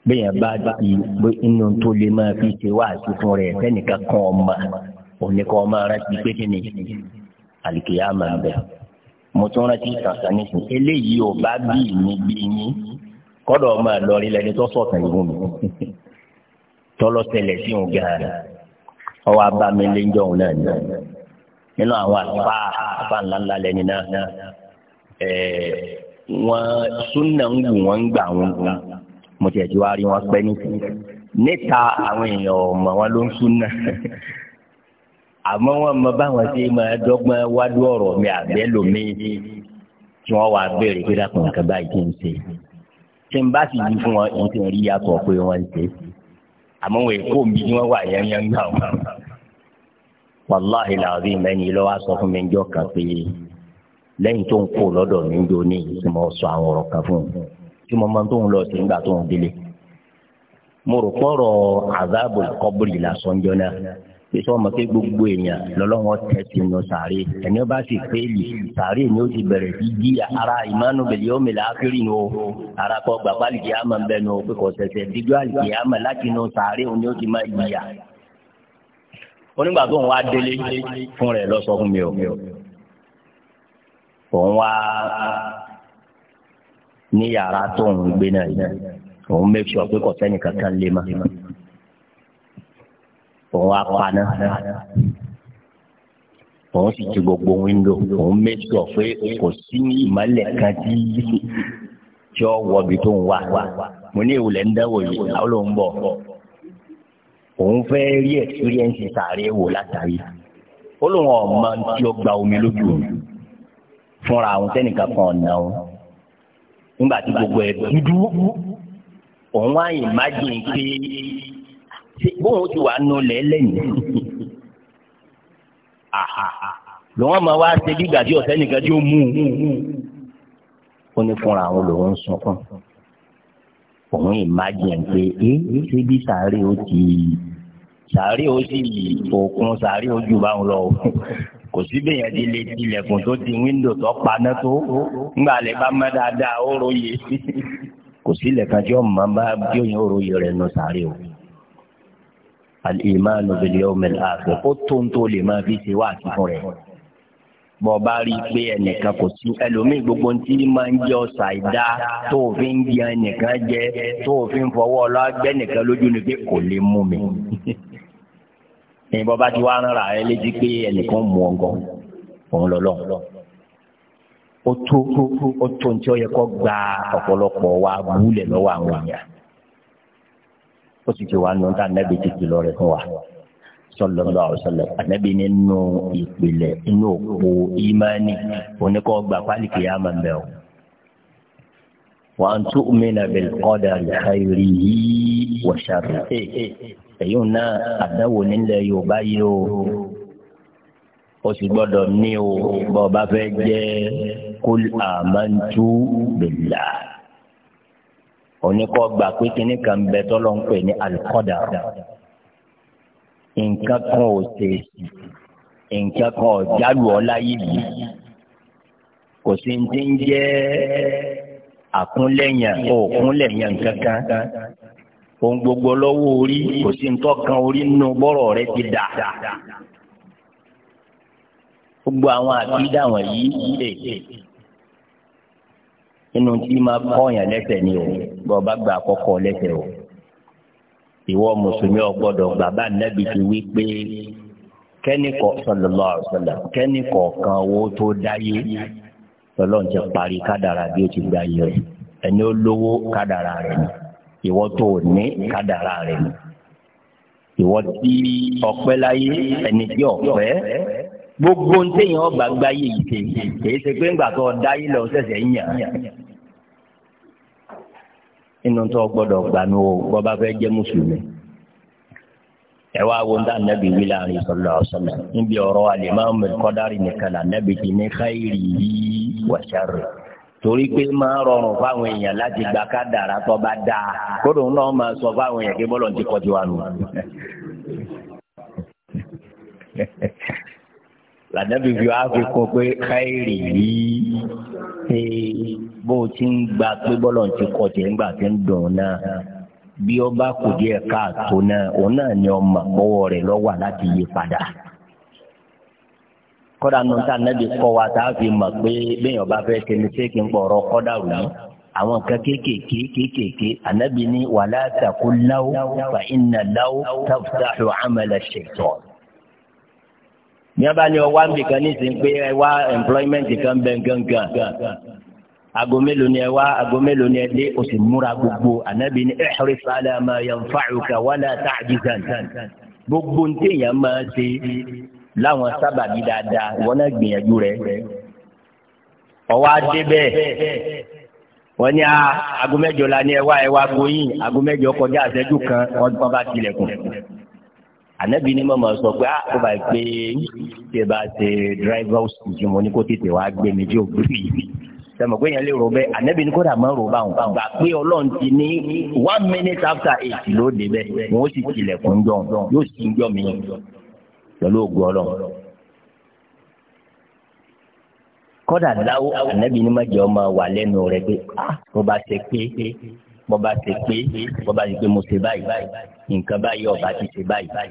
bẹ́ẹ̀ bá di pé inú tó lè máa fi ṣe wá àtúntò rẹ̀ sẹ́nìkan kan ọmọ oníkan ọmọ rántí pé kí ni àlìkèyà máa ń bẹ̀. mo tún rántí kàkà nísìn eléyìí ò bá bí mi bí yín kọ́dọ̀ ọmọ àlọ́rí lẹni tó sọ̀tàn ìlú mi tọ́lọ́sẹlẹ̀ sí òun gan rẹ̀ ọwọ́ abamilé ń jọ̀hún náà ni nínú àwọn àfa àfa ńláńlá lẹni náà wọ́n súnà ń wù wọ́n ń gbà wọ́n gbà mo tiẹ̀ ti wá rí wọn pẹ́ nísìnyí níta àwọn èèyàn ọmọ wọn ló ń súnà àmọ́ wọn mọ báwọn ṣe máa dọ́gbọ́n wádú ọ̀rọ̀ mi àbẹ́ lomi tí wọ́n wá béèrè pé dákun nǹkan báyìí kí n ṣe tí n bá sì yí fún wọn n kì í rí yàtọ̀ pé wọ́n ṣe àmọ́ wọn èkó mi ni wọ́n wà yẹ́nyẹ́ gbà wọn. wàláhì làwọn mẹ́ni lọ́wọ́ sọ fún mi jọ́ kan pé lẹ́yìn tó ń kó lọ́dọ̀ mi ń do ní ìsúnmọ́ sọ tí mo máa ń tóun lọ sí nígbà tóun délé mo rò pọ̀rọ̀ azabu kọ́bùrì lásán jọ́nà èso ọmọ pé gbogbo èèyàn lọ́lọ́wọ́ tẹ̀sí nù sàárè ẹni ó bá sì péèlì sàárè ni ó ti bẹ̀rẹ̀ sí jí ara ìmánu bẹ̀lẹ̀ yóò mìlá kiri nù ara kọ́ gbàgbá àlìkè àmà bẹ́ẹ̀ nù pé kò sẹ̀sẹ̀ dídú àlìkè àmà láti nù sàárè ni ó ti máa jìyà. onígbà tó ń wá délé fún rẹ̀ lọ fún mi o òun wá ní yàrá tó ń gbé náà yìí òun make sure pé kò sẹ́ni kankan lè má òun á paná òun sì ti gbogbo windo òun make sure pé kò sí ní ìmọ̀lẹ̀ kan tí jọ wọbi tó ń wà mo ní ìwòlẹ̀ ń dáwọ̀ yìí àwọn ló ń bọ̀ òun fẹ́ rí experience sàárẹ̀ wò látàrí ó lóun ọ̀ máa tí ó gba omi lójú fúnra àwọn sẹ́nìkan kan ọ̀nà òun nígbà tí gbogbo ẹ̀ dúdú òun wá ìmájìn pé bóun ti wà nù lẹ́lẹ́yìn lòun máa wá ṣe bí gàdí ọ̀sẹ̀ nìkan tí ó mú un ó ní fúnra àwọn lòun ń sunkún òun ìmájìn pé ẹ ṣe bí sàárè ó ti sàárè ó sì òkun sàárè ó jù báwọn lọ kò sí bẹ́yẹn ti lè tilẹ̀kùn tó ti wíńdò tó paná tó ńgbà lè bá mọ́ dáadáa ó róye kò sí ilẹ̀kùn tí ọmọ bá bí òyìn ó róye rẹ̀ nù sàárè o. al-imanu bil yawmil akhir ó tó ń tó lè máa fi ṣe wá àtìkún rẹ̀ bọ́ bá rí i pé ẹnìkan kò sí ẹlòmíì gbogbo ń máa ń jẹ ọ̀sà ìdá tó o fi ń jẹ ẹnìkan jẹ tó o fi ń fọwọ́ ọlọ́gbẹ́ lójú ni pé kò lè mú mi ìyìnbọn bá ti wá ń ra ẹ létí pé ẹnìkan mú ọgọ òun lọ lọ́wọ́ ó tó ó tó ní tí ó yẹ kó gba ọ̀pọ̀lọpọ̀ wa búlẹ̀ lọ́wọ́ àwọn èèyàn ó sì ti wá nù tá anábì ti kìlọ̀ rẹ̀ fún wa sọlọ́lọ́ àwòsọlọ́ anábì nínú ìpìlẹ̀ inú òpó ìmánì oníkọ́ gba pálíkì yá máa ń bẹ̀ o. wa an tu'mina bil qadari khayrihi wa sharrihi èyí náà àdáwò nílẹ̀ yorùbá yìí o o sì gbọ́dọ̀ ní o bọ́ ọ fẹ́ jẹ́ kul amantu billah oníkọ́ gbà pé kíní kan bẹ tọ́lọ́ ń pè ní alikọ́dà nǹkan kan ò ṣe nǹkan kan ò jálù ọ́ yìí kò sí ti ń jẹ́ àkúnlẹ̀yàn òkúnlẹ̀yàn kankan ohun gbogbo lọ́wọ́ orí kò sí ń tọ́kan orí nínú bọ́rọ̀ rẹ ti dà. gbogbo àwọn àkídà wọ̀nyí lè inú tí máa kọ́yàn lẹ́sẹ̀ ni o bọ́ bá gba àkọ́kọ́ lẹ́sẹ̀ o ìwọ mùsùlùmí ọgbọ́dọ̀ bàbá nẹ́bi ti wí pé kẹ́nìkọ̀ sallallahu alaihi wasallam kẹ́nìkọ̀ kan owó tó dáyé lọ́lọ́run ti parí kádàrà bí ó ti gbáyé rẹ̀ ẹni ó lówó kádàrà rẹ̀ ni ìwọ tó o ní kádàrá rẹ ni ìwọ tí ọpẹ́ láyé ẹni tí ọpẹ́ gbogbo ń tẹ̀yìn ọgbà gbáyé yìí ṣe kìí ṣe pé ńgbà tó o dá yìí lọ ṣẹ̀ṣẹ̀ ń yàn inú tó o gbọ́dọ̀ gbanú o bó bá fẹ́ jẹ́ mùsùlùmí ẹ wá wo ndá nàbì wí láàrin sọlọ ọsọlọ níbi ọ̀rọ̀ alimami kọdárì nìkan là nàbì ti ní káyìrì yìí wàṣàrì torí pé máa rọrùn fáwọn èèyàn láti gba kádàrá tó bá dáa kódò náà máa sọ fáwọn èèyàn pé bọ́lọ̀ ti kọ́ tiwa nù. lànàbí fi wá fi kún pé káyìrì yìí ṣe bó ti ń gba pé bọ́lọ̀ ti kọ́ tiẹ̀ ńgbà tí ń dùn náà bí ó bá díẹ̀ káàtó náà òun náà ni ọmọ àpọ̀wọ́ rẹ̀ lọ́wọ́ láti yí padà kọ́dà nù tá nàbì kọ́ wa tá a fi mọ̀ pé bẹ́ẹ̀ ọba fẹ́ kẹ́mi ṣé kí n pọ̀rọ̀ kọ́dà rù yìí àwọn kan kéékèèké kéékèèké ànábì ní wàlá takú láwù fa iná láwù taftahu amala shaitan. ní a ọwọ́ àmì kan nísìnyí pé ẹ wá employment kan bẹ́ẹ̀ gángan ago mélòó ni ẹ wá ago mélòó ni ẹ dé o sì múra gbogbo ànábì ní ihris ala ma yanfa'uka wala ta'jizan gbogbo ntẹ̀yàn máa láwọn sábàbí dáadáa wọn náà gbìyànjú rẹ ọwọ́ adé bẹ́ẹ̀ wọ́n ní aago mẹ́jọ la ní ẹwà ẹwà gbóyìn aago mẹ́jọ kọjá àṣẹ́jú kan wọ́n bá tilẹ̀kùn ànábì ni mo máa sọ pé a kò bá gbé ṣe bá ṣe drivers ju mo ní kó tètè wá gbé mi tí ò yìí sọmọ pé yẹn lè rò bẹ́ẹ̀ ànábì ni kódà máa rò báwọn gbà pé ọlọ́run ti ní one minute after eight ló dé bẹ́ẹ̀ wọ́n sì tilẹ̀kùn jọ̀ yóò sì ń jọ̀ mí pẹ̀lú ògùn ọlọ́run. kọ́dà láwọ́ ànábì ní májẹ̀ ọmọ wà lẹ́nu rẹ̀ pé ah, mo bá ṣe pé mo bá ṣe pé mo bá ṣe pé mo ṣe báyìí nǹkan báyìí ọba ti ṣe báyìí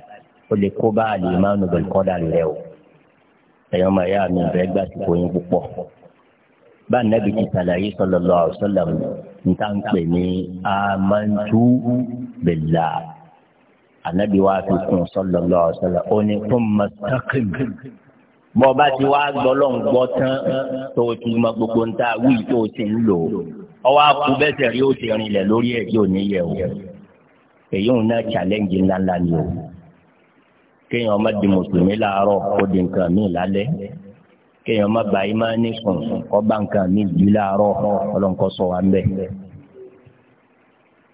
ó lè kó bá àlè máa nù bẹ̀rẹ̀ kọ́dà rẹ̀ o ẹ̀yọ́ máa yá mi bẹ́ẹ̀ gbà sí oyin púpọ̀ bá ànábì ti sàlàyé sallallahu alaihi wasallam níta ń pè ní amantu billah ànábì wa fi kún sallallahu alaihi wasallam ó ní fún mustaqim bọ́ ọba ti wá gbọ́ lọ́n gbọ́ tán tó o ti mọ gbogbo ń ta wí tó o ti ń lò ọwọ́ àkú bẹ́sẹ̀ rí o ti rinlẹ̀ lórí ẹ̀ yóò ní yẹ̀ o èyí ń ná challenge ńláńlá ni o kéèyàn má di mùsùlùmí láàárọ̀ kó di nǹkan míì lálẹ́ kéèyàn má gba ìmánì sùn kó bá nǹkan míì jù láàárọ̀ ọlọ́nkọ́ sọ wa ń bẹ̀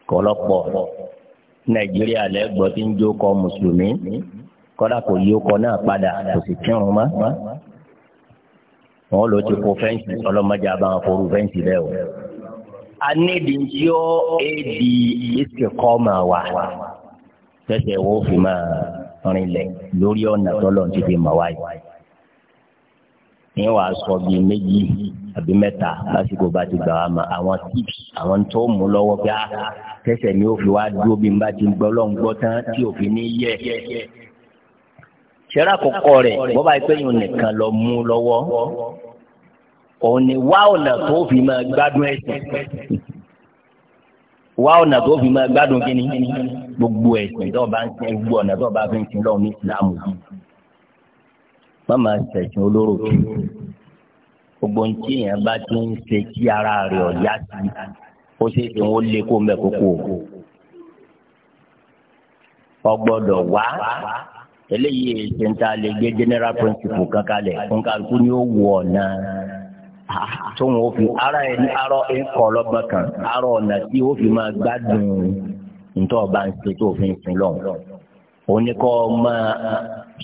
kọ́lọ́pọ̀ nàìjíríà lẹ́gbọ́ tí ń jókọ mùsùlùmí kọ́dà kò yí okọ náà padà kò sì kírun mọ́ wọn ló ti kó fẹ́ǹsì ọlọ́mọdé àbáwọn forú fẹ́ǹsì bẹ́ẹ̀ o. a nídi tí ó éèdì ìsìnkọ́mà wa tẹ̀sẹ̀ wo fi máa rinlẹ̀ lórí ọ̀nà tọ́lọ̀ ti fi mọ̀ wáyé. ní sọ bíi méjì àbí mẹ́ta lásìkò bá ti gbà wá ma àwọn tips àwọn tó mú lọ́wọ́ pé a ah, tẹ̀sẹ̀ ni ó fi wá dúró bí n bá ti gbọ́ lọ́n gbọ́ tán tí ò fi ní yẹ. ṣẹ́rà kọ̀kọ́ rẹ̀ bọ́bá yìí pé yìí nìkan lọ mú lọ́wọ́ òun ni wá ọ̀nà tó fi máa gbádùn ẹ̀sìn wá ọ̀nà tó fi máa gbádùn kínní gbogbo ẹ̀sìn tó bá ń sin gbogbo ọ̀nà tó bá fi ń sin lọ́wọ́ ní ìsìlámù yìí má máa ṣẹ̀sìn olóró kìí gbogbo ń tí èèyàn bá ti ń ṣe kí ara rẹ̀ ọ̀yá sí ó ṣe é ṣe lé kó mẹ́ kókó o gbọ́dọ̀ wá eléyìí ṣe ń ta lè gbé general principal kankan lẹ̀ fún kálukú ni ó wù ọ̀nà tó wọn ò fi ara ẹni arọ ẹkọ ọlọ́gbọ́n kan arọ ọ̀nà tí ó fi máa gbádùn ntọ́ ọba ń ṣe tó fi ń sin lọ́hùn oníkọ́ máa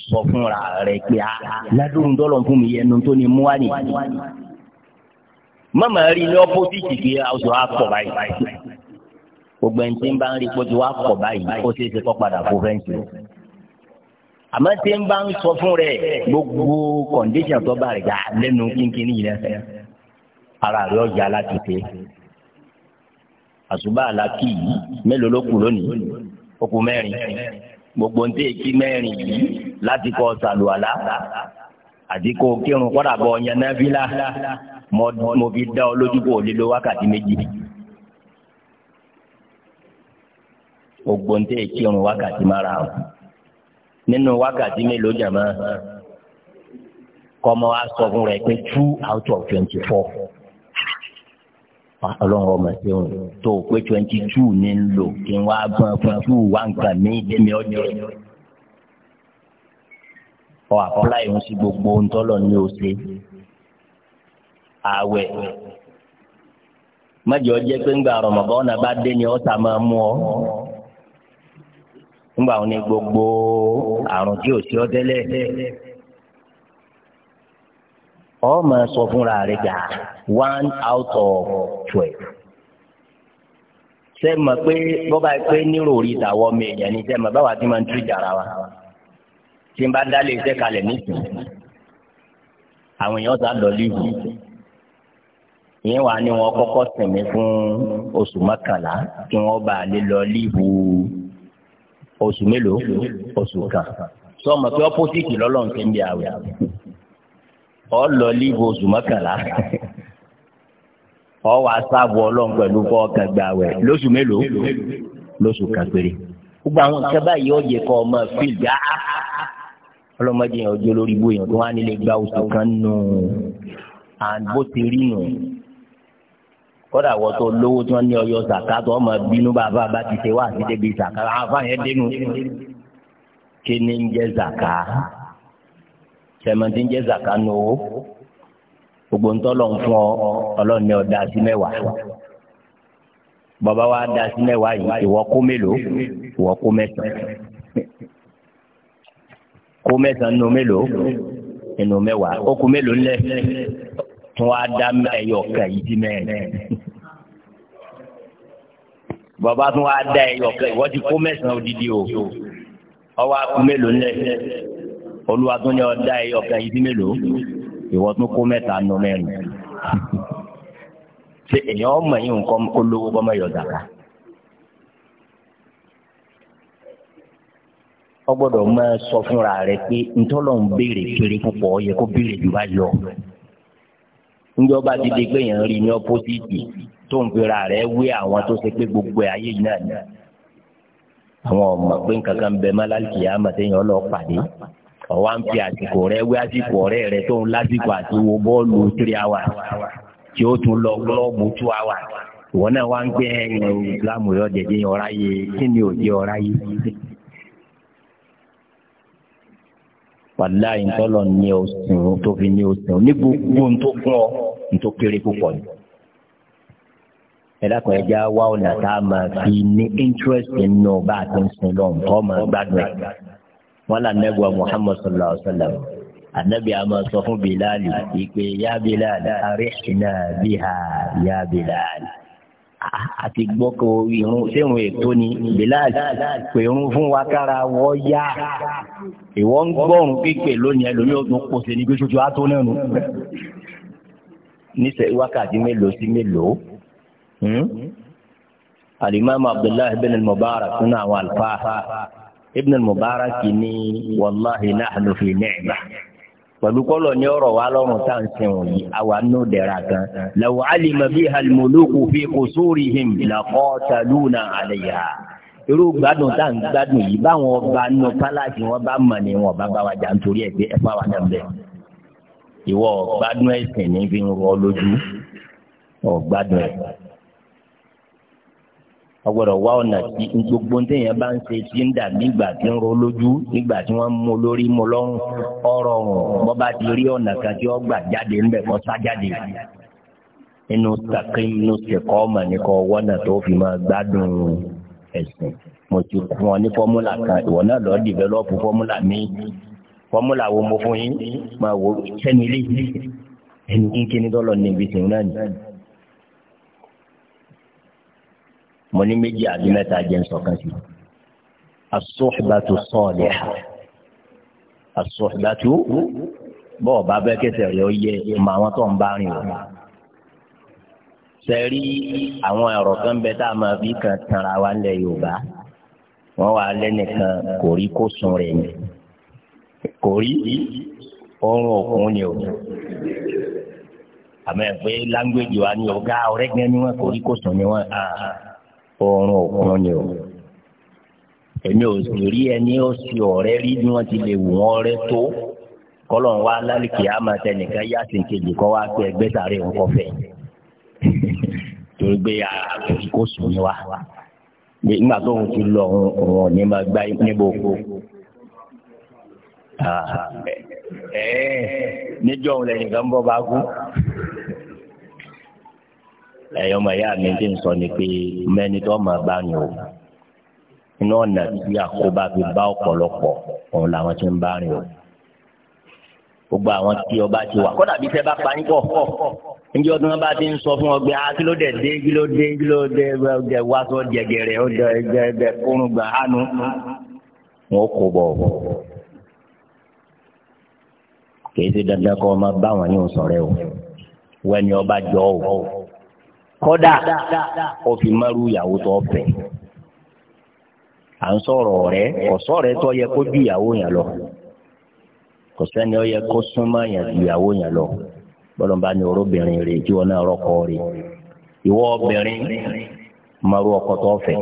sọ fúnra rẹ̀ pé a ah, ládùn dọ́lọ̀ fún mi ẹnu tó ní múwá nì. mọ́mọ́ rí ní ọ́pọ́sìtì kí oṣù wa pọ̀ báyìí gbogbo ẹni tí ń bá ń rí pọ́jù wa pọ̀ báyìí ó ṣeé ṣe kọ́ padà fún fẹ́ǹsì o. àmọ́ tí ń bá ń sọ fún rẹ̀ gbogbo kọ̀ǹdíṣàn tó bá rẹ̀ gà lẹ́nu kínkínní yìí lẹ́sẹ̀ ara rẹ̀ ọ̀jà láti ṣe. àṣùbà àlákì yìí mélòó ló kù lónìí ó kù gbogbo ń tẹ́ kí mẹ́rin yìí láti kọ́ sàlùwàlá àti kó kírun kọ́dà bọ̀ ọ̀yàn náà fi là mo fi dá ọ lójú kó o lè lo wákàtí méjì. gbogbo ń tẹ́ kírun wákàtí mara o nínú wákàtí mélòó jàmọ́ kọ́mọ wa sọ fún rẹ pé two out of twenty four ọlọ́run ọmọ ẹ̀sẹ̀ wọn tó o pé twenty two ní ń lò kí n wá gbọ́n fún two wá nǹkan mí lẹ́mi ọjọ́ ọ apply òun sí gbogbo ohun tọ́lọ̀ ní o ààwẹ̀ mẹ́jọ jẹ́ pé ńgbà Ramadan bá dé ni ọ̀tá máa mú ọ ńgbà òun ni gbogbo àrùn tí ò sí ọ tẹ́lẹ̀ ọ máa sọ fúnra rẹ̀ gà one out of twelve. ṣé mọ̀ pé bọ́ba pé nírò orí ìtàwọ́ mi èèyàn ni ṣé mọ̀ báwa ti máa ń tú ìjàrá wa tí n bá dálé iṣẹ́ kalẹ̀ nísìnyí àwọn èèyàn sá lọ líbi ìyẹn wà ní wọn kọ́kọ́ sinmi fún oṣù mọ́kànlá kí wọ́n bá lè lọ líbu oṣù mélòó oṣù kan sọ ma pé ọ́pọ́sìtì lọ́lọ́run ti ń bí àwẹ̀ àwẹ̀ ọ lọ líbo oṣù mọ́kànlá ọ wà sáàbù ọlọ́run pẹ̀lú kọ́ ọkàn gbà wẹ̀ lóṣù mélòó lóṣù kan péré gbogbo àwọn nǹkan báyìí ó yẹ kọ́ ọmọ fíìlì dá ọlọ́mọdé yẹn ọjọ́ lórí ibú yẹn tó wá nílé gba oṣù kan nù bó ti rí nù kódà wọ́n tó lówó tí wọ́n ní ọyọ sàká tó ọmọ bínú bàbá bá ti ṣe wá sí débi sàká àfa yẹn dénú kí ni ń jẹ́ sàká sẹ̀mọ̀tì ń jẹ́ zakanu owó gbogbo ń tọ́lọ̀ ń fún ọ ọlọ́ọ̀ni ọ̀dà sí mẹ́wàá bàbá wa da sí mẹ́wàá yìí ìwọ kó mélòó ìwọ kó mẹ́sàn-án kó mẹ́sàn-án nù mélòó nínú mẹ́wàá ó kó mélòó lẹ̀ tún wá dá ẹyọ kan yìí sí mẹ́rin bàbá tún wá dá ẹyọ kan ìwọ ti kó mẹ́sàn-án odidi o ọwọ́ akú mélòó lẹ̀ olúwa tó ní ọdá ẹ ọkàn yìí sí mélòó ìwọ tó kó mẹ́ta nù mẹ́rin ṣe èèyàn ọmọ yìí nǹkan kó lówó kọ́ mọ́ yọ zaka. o gbọ́dọ̀ máa sọ fúnra rẹ pé ntọ́lọ̀ ń béèrè kiri púpọ̀ ó yẹ kó béèrè jù bá yọ. njọba ti pé èèyàn rí ní ọ́pọ́sìtì tó ń fira rẹ wé àwọn tó ṣe pé gbogbo ayé yìí náà ni. àwọn ọmọ pé nǹkan kan bẹ mọ́ lálùkìyà àmọ́ sẹ́yìn ọlọ́ọ̀ pàdé ọwọ́ à ń fi àsìkò rẹ wí àsìkò ọ̀rẹ́ rẹ tó ń lásìkò àti wo bọ́ọ̀lù three hours tí ó tún lọ gúlọ́ọ̀bù two hours ìwọ náà wá ń gbé ẹ̀yìn ìsìlámù yọ jẹjẹ ọ̀rá yé kí ni òjì ọ̀rá yé. wàláì ntọ́lọ̀ ní òsùn tó fi ní òsùn ní gbogbo ntó fún ọ ntó kéré púpọ̀ ni. ẹ dákun ẹ wá ọ̀nà tá a máa fi ní interest nínú bá a ti ń tó máa gbádùn ẹ̀ wọn là nẹ́gbà muhammad sallallahu alayhi wa sallam anabi ama sọ fún bilali ìpè ya bilali arihina biha ya bilali àti gbọ́ kó irun sẹ́run ètò ni bilal pè irun fún wa kára wọ́ yá ìwọ ń gbọ́rùn pípé lónìí ẹlòmíì ó tún kó sẹ́ni pé ṣoṣo á tó nẹ́nu níṣẹ́ wákàtí mélòó sí mélòó hmm? alimami abdullahi bin mubarak fún àwọn alfa ابن al-mubarak ní wàláhi nahnu fi ni'ma pẹ̀lú kọ́lọ̀ ní أو أنو lọ́rùn لو علم بها الملوك في àwa nù عليها. gan. law alima biha al-muluku fi qusurihim laqataluna alayha. irú gbádùn tá à ń gbádùn yìí báwọn ọba nù pálásì wọn bá mọ̀ ní wọn bá bá wa jà nítorí ẹ̀ pé ẹ fà ìwọ gbádùn ẹ̀sìn ní fi ń rọ lójú ọ̀ gbádùn ẹ̀ wọ́n gbọ́dọ̀ wá ọ̀nà tí gbogbo téèyàn bá ń ṣe tí ń dà nígbà tí ń ro lójú nígbà tí wọ́n mú lórí mú lọ́rùn ọ̀rọ̀ ọ̀rùn bọ́ bá ti rí ọ̀nà kan tí wọ́n gbà jáde ńbẹ̀ kọ́ sá jáde inú takin inú sẹ̀kọ́ ọmọ nìkan wọ́nà tó fi máa gbádùn ẹ̀sìn mo ti fún ọ ní fọ́múlà kan ìwọ náà lọ́ọ́ dìvẹ́lọ́pù fọ́múlà mi fọ́múlà wo mo fún yín máa wo sẹ́ni ilé ẹni kíkíní tọ́lọ níbi tìǹ náà nìyí. mo ní méjì àbí mẹ́ta jẹ́ nsọ̀kan sí. as-suhbatu salihah as-suhbatu bọ́ọ̀ bá bẹ́ kẹsẹ̀ rẹ̀ ó yẹ ìmọ̀ àwọn tó ń bá rìn o. sẹ́rí àwọn ẹ̀rọ kan bẹ tá a máa fi kan tanra wa ń lẹ Yorùbá wọ́n wà lẹ́nìkan kò rí kó sun rẹ̀ ni kò rí oorun òkun ni o àmọ́ ẹ̀ pé wa ni ọ̀gá ọ̀rẹ́gbẹ́ ni kò rí kó sun ni wọ́n. Ah, ah. oorun òkun ni o èmi ò sì ẹni ó sì ọ̀rẹ́ rí bí wọ́n ti lè wù wọ́n rẹ́ tó kọ́lọ́n wa lálùkì àmàtẹ nìkan yá sí kejì kọ́ wá pé ẹgbẹ́ sàárè ń torí pé àkókò sùn ni wa nígbà tó ń ti lọ òun ò ní máa gbá níbo kó níjọ́ òun lẹ́yìn kan bá kú. ẹ̀yọ́ ọmọ ìyá mi ti ń sọ ni pé mẹ́ni tó máa bá yàn o inú ọ̀nà tí àkóbá fi bá ọ̀pọ̀lọpọ̀ òun làwọn ti ń bá rìn o gbogbo àwọn tí ọba ti wà kọ́dà bí sẹ́ bá pa yín pọ̀ njẹ́ ọdún wọn bá ti ń sọ fún ọ pé a ah, kí ló dé dé kí ló dé kí ló dé ọdẹ wá sọ jẹgẹrẹ ọdẹ ẹgbẹ kúrún gbà hánu wọn kò bọ̀ kì í ṣe dandan kọ́ ọ máa bá wọn yóò sọ̀rọ̀ ẹ o wẹ́ni ọba jọ o. kọ́dà ó fi márù ìyàwó tó fẹ, à ń sọ̀rọ̀ rẹ̀ ọ̀sọ́ rẹ tó yẹ kó ju ìyàwó yẹn lọ kò ó yẹ kó súnmọ́ yẹn ju ìyàwó yẹn lọ bá ní orúbìnrin rẹ̀ tí wọn náà rọkọ ọkọ tó fẹ,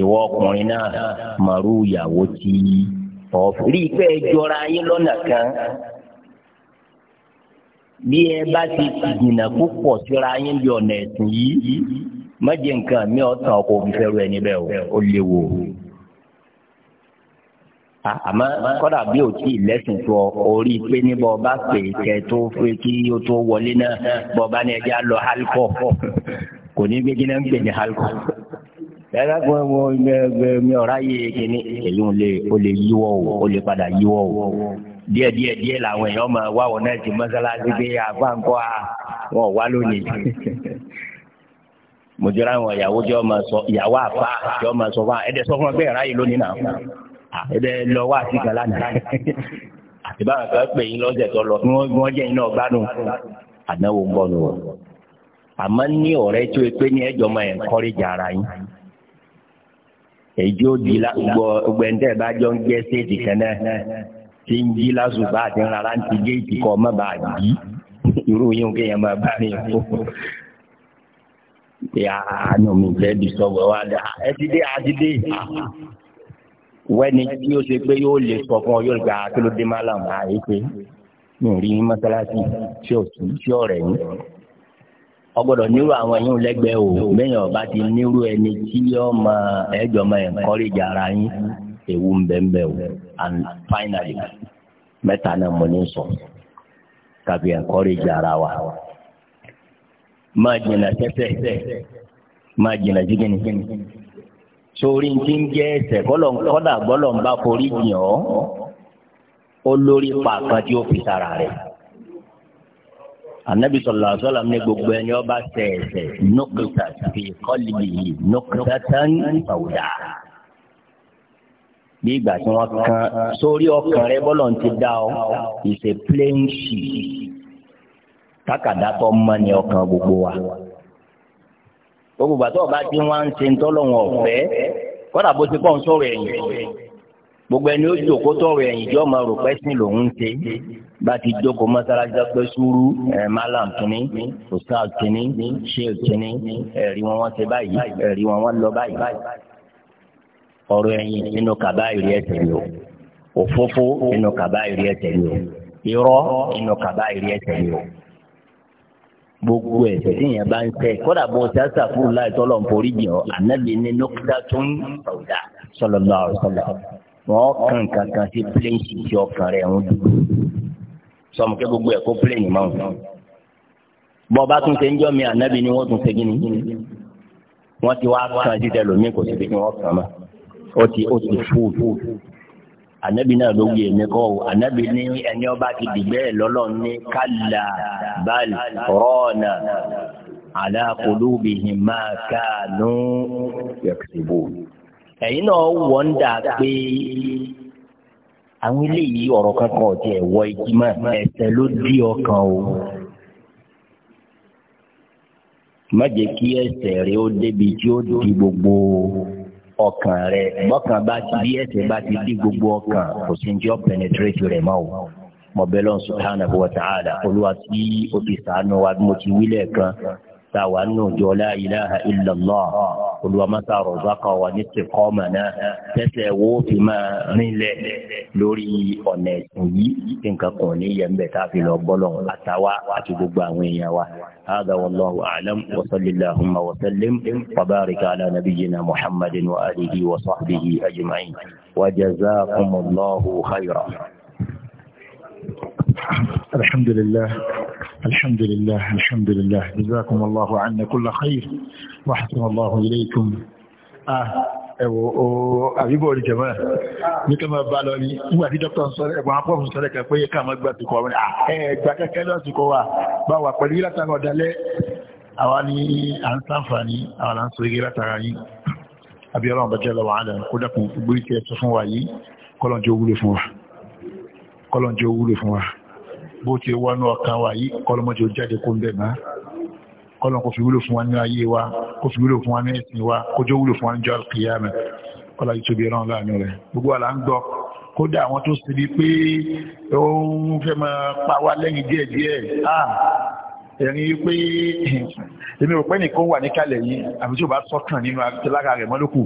ìwọ ọkùnrin náà ìyàwó tí rí jọra yín bí ẹ bá ti jìnnà púpọ̀ síra yín bí ọ̀nà ẹ̀sìn yìí mọ̀jẹ̀ nǹkan mi ò tàn kò fi fẹ́ ru ẹni bẹ́ẹ̀ o ó léwu o. àmọ́ kọ́dà bí o tí ì lẹ́sìn tó orí pé níbọ̀ bá pè kẹ́ tó fẹ́ kí o tó wọlé náà bọ́ bá ní ẹja lọ hálkọ kò ní gbé náà ń pè ní hálkọ yàrá kan mo mi ọ̀ráyè e kìíní èyí ò lè yíwọ́ o ó lè padà yíwọ́ o díẹ̀ díẹ̀ díẹ̀ làwọn èèyàn máa wá wọn náà ti mọ́sálásí pé àfáǹkọ́ à wọn wá lónìí. mo jọra àwọn ìyàwó jọ máa sọ ìyàwó àfa jọ máa sọ fún wa ẹ̀dẹ̀ sọ fún wa bẹ́ẹ̀ ráyè lónìí náà ẹ̀dẹ̀ lọ wá sí kan lánàá. àti báwọn kan pè yín lọ́sẹ̀ tó lọ kí wọ́n jẹ́ iná gbádùn àdáwò ń bọ̀ nù àmọ́ ní ọ̀rẹ́ tó o pé ní ẹjọ́ máa encourage ara yín èyí ó di gbọ́ gbẹ̀ǹdẹ̀ bá jọ ń gbé séèdì kan náà tí ń jí lásùbà àti rárá ń ti géètì kọ́ ọmọ bá jí irú yín kéèyàn máa bá rìn fún ya àánú mi fẹ́ di sọ́wọ́ wa dà ẹ ti dé àti dé wẹ́ni tí ó ṣe pé yóò lè sọ fún ọ yóò gba kí ló dé má làm àyè pé mi ò rí ní mọ́sálásí tí ò sí yín ọgbọ́dọ̀ nírú àwọn yín lẹ́gbẹ̀ẹ́ o bẹ́ẹ̀ ọba ti nírú ẹni tí ọmọ ẹ̀jọ̀ máa encourage ara yín ewu ń bẹ ń bẹ o and finally mẹ́ta náà mo ní sọ kàbí encourage ara wa máa jìnnà tẹ́tẹ́ máa jìnnà jígínì sórí ti ń jẹ́ ẹsẹ̀ kọ́dà gbọ́dọ̀ ń bá forí jìn ọ́ ó lórí pàkan tí ó fi sára rẹ̀ anabi sọlọ asọlọ ní gbogbo ẹni ọba ṣẹ̀ ẹ̀ṣẹ̀ nọkítà fi kọlìbì yìí nọkítà tán ìfàwùdà bí ìgbà tí wọ́n kan sórí ọkàn rẹ bọ́lọ̀ ti dá ọ ìṣe plain sheet tákàdá tó mọ́ ni ọkàn gbogbo wa gbogbo bàtọ́ ọba tí wọ́n ń ṣe ń tọ́lọ́wọ́n ọ̀fẹ́ kọ́dà bó ti pọ̀ ń sọ̀rọ̀ ẹ̀yìn gbogbo ẹni ó jòkó tọ̀rọ̀ ẹ̀yìn jọ́ máa rò pẹ́sìn lòún ń ṣe bá ti jókòó mọ́sálásí pé sùúrù ẹ̀ malam kìíní ustaz kìíní sheikh kìíní ẹ̀rí wọn wọ́n ṣe báyìí ẹ̀rí wọn wọ́n lọ báyìí ọ̀rọ̀ ẹ̀yìn nínú kaba ìrì ẹ̀ṣẹ̀ ni o òfófó nínú kaba ìrì ẹ̀ṣẹ̀ ni o irọ́ nínú kaba ìrì ẹ̀ṣẹ̀ ni o gbogbo ẹ̀ṣẹ̀ tí yẹn bá ń ṣẹ̀ kódà bó ṣe àṣàfùrù láì tọ́lọ̀ ń forí jìn ọ́ ànábì ní nọ́kítà tó ń sọ̀dà sọlọ́lá ọ̀sọ̀lá wọn kàn kankan sí pílẹ̀ǹsì tí ọkàn rẹ̀ ń dùn sọmọ kí gbogbo ẹ̀ kó pílẹ̀ǹsì máa ń bọ́ba tún ṣe ń jọ́ mi ànábì ni wọ́n tún ṣe gíní wọ́n ti wá kàn sí tẹlomi kò sí pé kí wọ́n kàn máa ó ti ó ti fún un anabi náà ló wuyè ní kọ́ o anabi ní ẹni ọba ti dìgbẹ́ lọ́lọ́ ní kálá bal rọ́ọ̀nà ala qulubihim ma kanu yaksibun. ẹ̀yin náà wọ́n dà pé àwọn eléyìí ọ̀rọ̀ kankan ọ̀tí ẹ̀ wọ ìjìmá ẹ̀ṣẹ̀ ló dí ọkàn o. má jẹ́ kí ẹ̀ṣẹ̀ rẹ ó débi tí ó di gbogbo ọkàn rẹ̀ bọ́kàn bá ti bí ẹsẹ̀ bá ti dí gbogbo ọkàn kò sí ní ọ pẹnẹtírétì rẹ̀ mọ́ o mọ̀bẹ́lọ́n subhanahu wa ta'ala olúwa tí o ti ṣàánú wa mo ti wí lẹ́ẹ̀kan tá a wà nínú ìjọ la ilaha illallah olùwàmọ́sá rọ̀zákà wà ní tìkọ́mà náà tẹ́sẹ̀ wo fi máa rinlẹ̀ lórí ọ̀nà ẹ̀sìn yìí nǹkan kan ní yẹ̀mbẹ̀ tá a fi lọ bọ́lọ̀ àtàwà àti gbogbo àwọn èèyàn wa. هذا والله أعلم وصل اللهم وسلم وبارك على نبينا محمد وآله وصحبه أجمعين وجزاكم الله خيرا الحمد لله الحمد لله الحمد لله جزاكم الله عنا كل خير وحسن الله إليكم آه àbíbọ̀ orí jẹ̀mọ́ ní kí máa bá lọ ní nígbà tí dr ẹgbọ̀n apọ́fún sọ́rẹ́ kan pé ká máa gbà tí kọ́ wọn ah, ẹgbà kẹ́kẹ́ lọ́sìkò wà bá wà pẹ̀lú látara ọ̀dálẹ́ àwa ní à ń sàǹfààní àwọn àǹsọ igi látara yìí àbí ọlọ́run bá jẹ́ lọ́wọ́ àdá kó dẹ́kun gbórí sọ fún wa yìí kọ́lọ́njẹ́ wúlò fún wa bó ti wọnú ọkàn wa yìí kọlọmọjọ jáde kó ń bẹ̀ máa kọlọm kò fi wúlò fún wa ní ayé wa kò fi wúlò fún wa ní ẹ̀sìn wa kójó wúlò fún wa ní jọ kìyàmẹ́ kọlá ìtòbí ẹran láàánú rẹ̀ gbogbo àlà ń gbọ́ kódà àwọn tó sì bí pé òun fẹ́ máa pa wá lẹ́yìn díẹ̀díẹ̀ ẹ̀rin pé èmi ò pẹ́ nìkan wà níkàlẹ̀ yìí àbí tí ò bá sọ́kàn nínú àtẹ́lára rẹ̀ mọ́lókù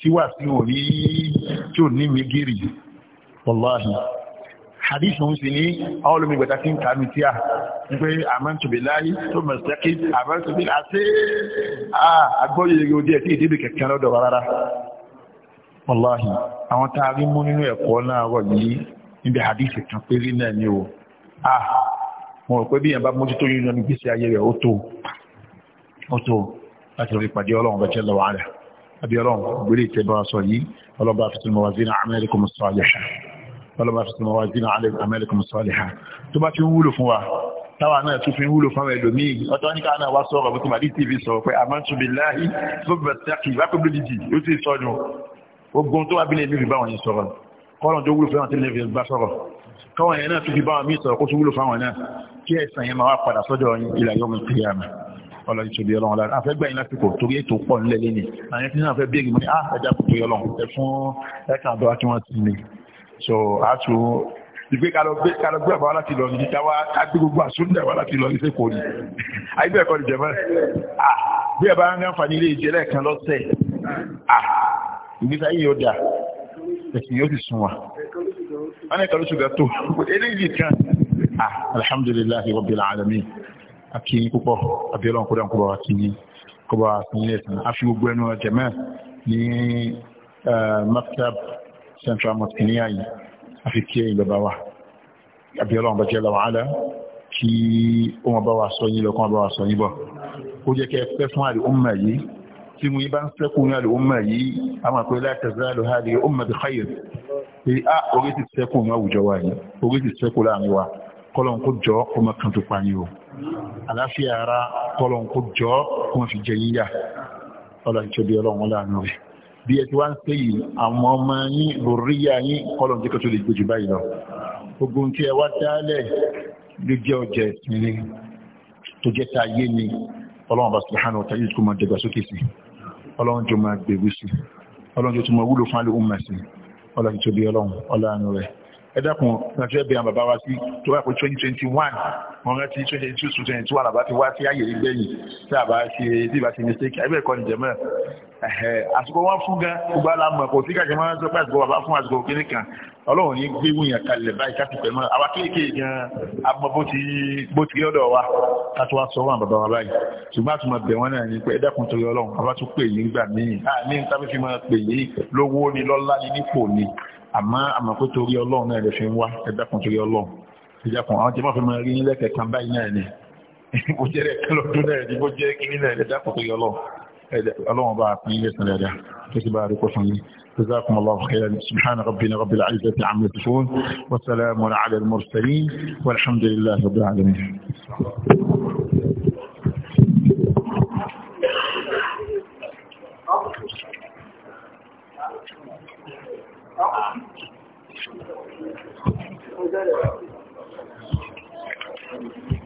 tí wà sí òní tí ò ní mi gírì wàláhì hadith ń sì ní ọlọ́mi ìgbẹ̀ta tí ń kàánù tí a ń pé àmọ́ntòbíláyé tó mọ̀sẹ́kì àmọ́ntòbí àti àgbọ́yé òde ẹ̀tí ìdíbì kẹ̀kẹ́ lọ́dọ̀ rárá wọláhì àwọn tá a rí mú nínú ẹ̀kọ́ náà rọ̀ yìí níbi hadith kan péré náà ni o a mo rò pé bí yẹn bá mójútó yín lọ ní gbèsè ayé rẹ̀ ó tó láti lórí pàdé ọlọ́run bẹ́ẹ̀ lọ́wọ́ rẹ̀ àbí gbélé ìtẹ́bọ̀ sọ yìí ọlọ́ba fi tún mọ̀ wá sí ní àmì ọlọ́bà fi sinmi wa jìnà amẹ́lẹ́kùn sọ́ọ̀lẹ́hà tó bá ti wúlò fún wa táwa náà tún fi wúlò fún ẹlòmíì ọjọ́ ní káà náà wá sọ̀rọ̀ bí tìmọ̀dí tv sọ̀rọ̀ pé àmọ́túnbíláhì tó bẹ̀rẹ̀ tẹ́kì wá pẹ̀lú dídì ó sì sọnù ogun tó wà bí lẹ́ẹ̀mí fi bá wọn yẹn sọ̀rọ̀ kọ́lọ̀ tó wúlò fún àwọn tí lẹ́ẹ̀mí bá sọ̀rọ̀ káwọn yẹn náà tún fi bá wọn mí sọ̀rọ̀ kó tún wúlò fún àwọn náà kí ẹ̀sán yẹn máa wá padà sọ́dọ̀ ìlà yọmọ ọlọ ìṣòdì ọlọ́run lára afẹ́ gbẹ̀yìn lásìkò torí ètò pọ̀ nílẹ̀ lẹ́ni àwọn náà fẹ́ bí èyí mọ́ ní àjà kò tó yọ lọ́run ẹ ẹ̀ka àdọ́wà tí wọ́n ti ní so aṣọ ìgbé kalọ̀gbé kalọ̀gbé àbáwá láti lọ ní káwá kágbé gbogbo àṣúndà wá láti lọ ní sẹ́kọ̀ọ́ ni àìbẹ̀ ẹ̀kọ́ ah bí ẹ bá ń gán fani ilé ìjẹ́lẹ̀ kan lọ́sẹ̀ ìgbésí ayé yóò dà ẹ̀sìn yóò sì sùn wà wọ́n ní ẹ̀kọ́ lóṣùgbà tó eléyìí kan alhamdulillahi rabbil alamin àti púpọ̀ abiola kódà kó bá wa kí kó bá wa sí ilé afi àfi gbogbo ẹnu ọjẹ̀mẹ́ ní maftab central mosque ní ààyè àfi kí ìjọba wa àbí ọlọ́run bá jẹ́ lọ́wọ́ àádá kí ó wọn bá wa sọ yín lọ kí wọn bá wa sọ yín bọ̀ ó jẹ́ kẹ́ fẹ́ fún àlè ọmọ yìí tí mo bá ń sẹ́kù ní àlè ọmọ yìí a máa pé láti tẹ̀sán àlè àlè ọmọ bí káyọ̀ pé a orí ti ọlọ́run tó láàrin rẹ̀ bí ẹ ti wá ń pè yìí àwọn ọmọ yín lóríyà yín kọlọ̀ jẹ́ kẹ́tọ́ lè gbèjì báyìí lọ ogun tí ẹ wá dálẹ̀ ló jẹ́ ọjà ẹ̀sìn ni tó jẹ́ ta ayé ni ọlọ́run bá subhanahu wa ta'ala kó máa dẹ̀gbà sókè sí ọlọ́run jọ máa gbèrú sí ọlọ́run jọ tó máa wúlò fún àlè ọmọ sí ọlọ́run tó bí ọlọ́run ọlọ́run rẹ̀ ẹ̀dàkùn nàfẹ́ bẹ̀rẹ̀ bàbá wa sí tó wà pé 2021 wọn rántí 2022 2021 àbá ti wá sí àyè gbẹ̀yìn tí àbá ṣe tí ìbá ṣe mistake ẹgbẹ́ ẹ̀kọ́ ni jẹ̀mọ́ àsìkò wọn fún gan gbogbo alámọ̀ kò sí kájẹ́ máa ń sọ pé àsìkò bàbá fún àsìkò kéde kan ọlọ́run ní gbé wúyàn kalẹ̀ báyìí ká pẹ̀ mọ́ àwa kéèké gan abọ́ bó ti bó ti lọ́dọ̀ wa ká tó wá sọ wọn bàbá wa báyìí ṣùgbọ́n àtúmọ̀ bẹ̀ wọ́n náà ní pé ẹ̀dàkùn torí ọlọ́run bàbá tún pè yín gbà míì ní nípa fífi máa pè yín lówó ni lọ́lá ni nípò ni àmọ́ àmọ́ pé torí ọlọ́run náà lè fi ń wá ẹgbẹ́ kan torí ọlọ́run ìjà kan àwọn tí wọ́n fi máa rí nílẹ̀ kẹ̀kan báyìí náà ni bó jẹ́ rẹ̀ kí lọ́dún náà ni bó jẹ́ kí nílẹ̀ ẹ̀dá kan torí ọlọ́run bá pín ilé sàn dáadáa tó sì bá rí kó fún جزاكم الله خيرا سبحان ربنا رب العزة عما يصفون وسلام على المرسلين والحمد لله رب العالمين Thank you.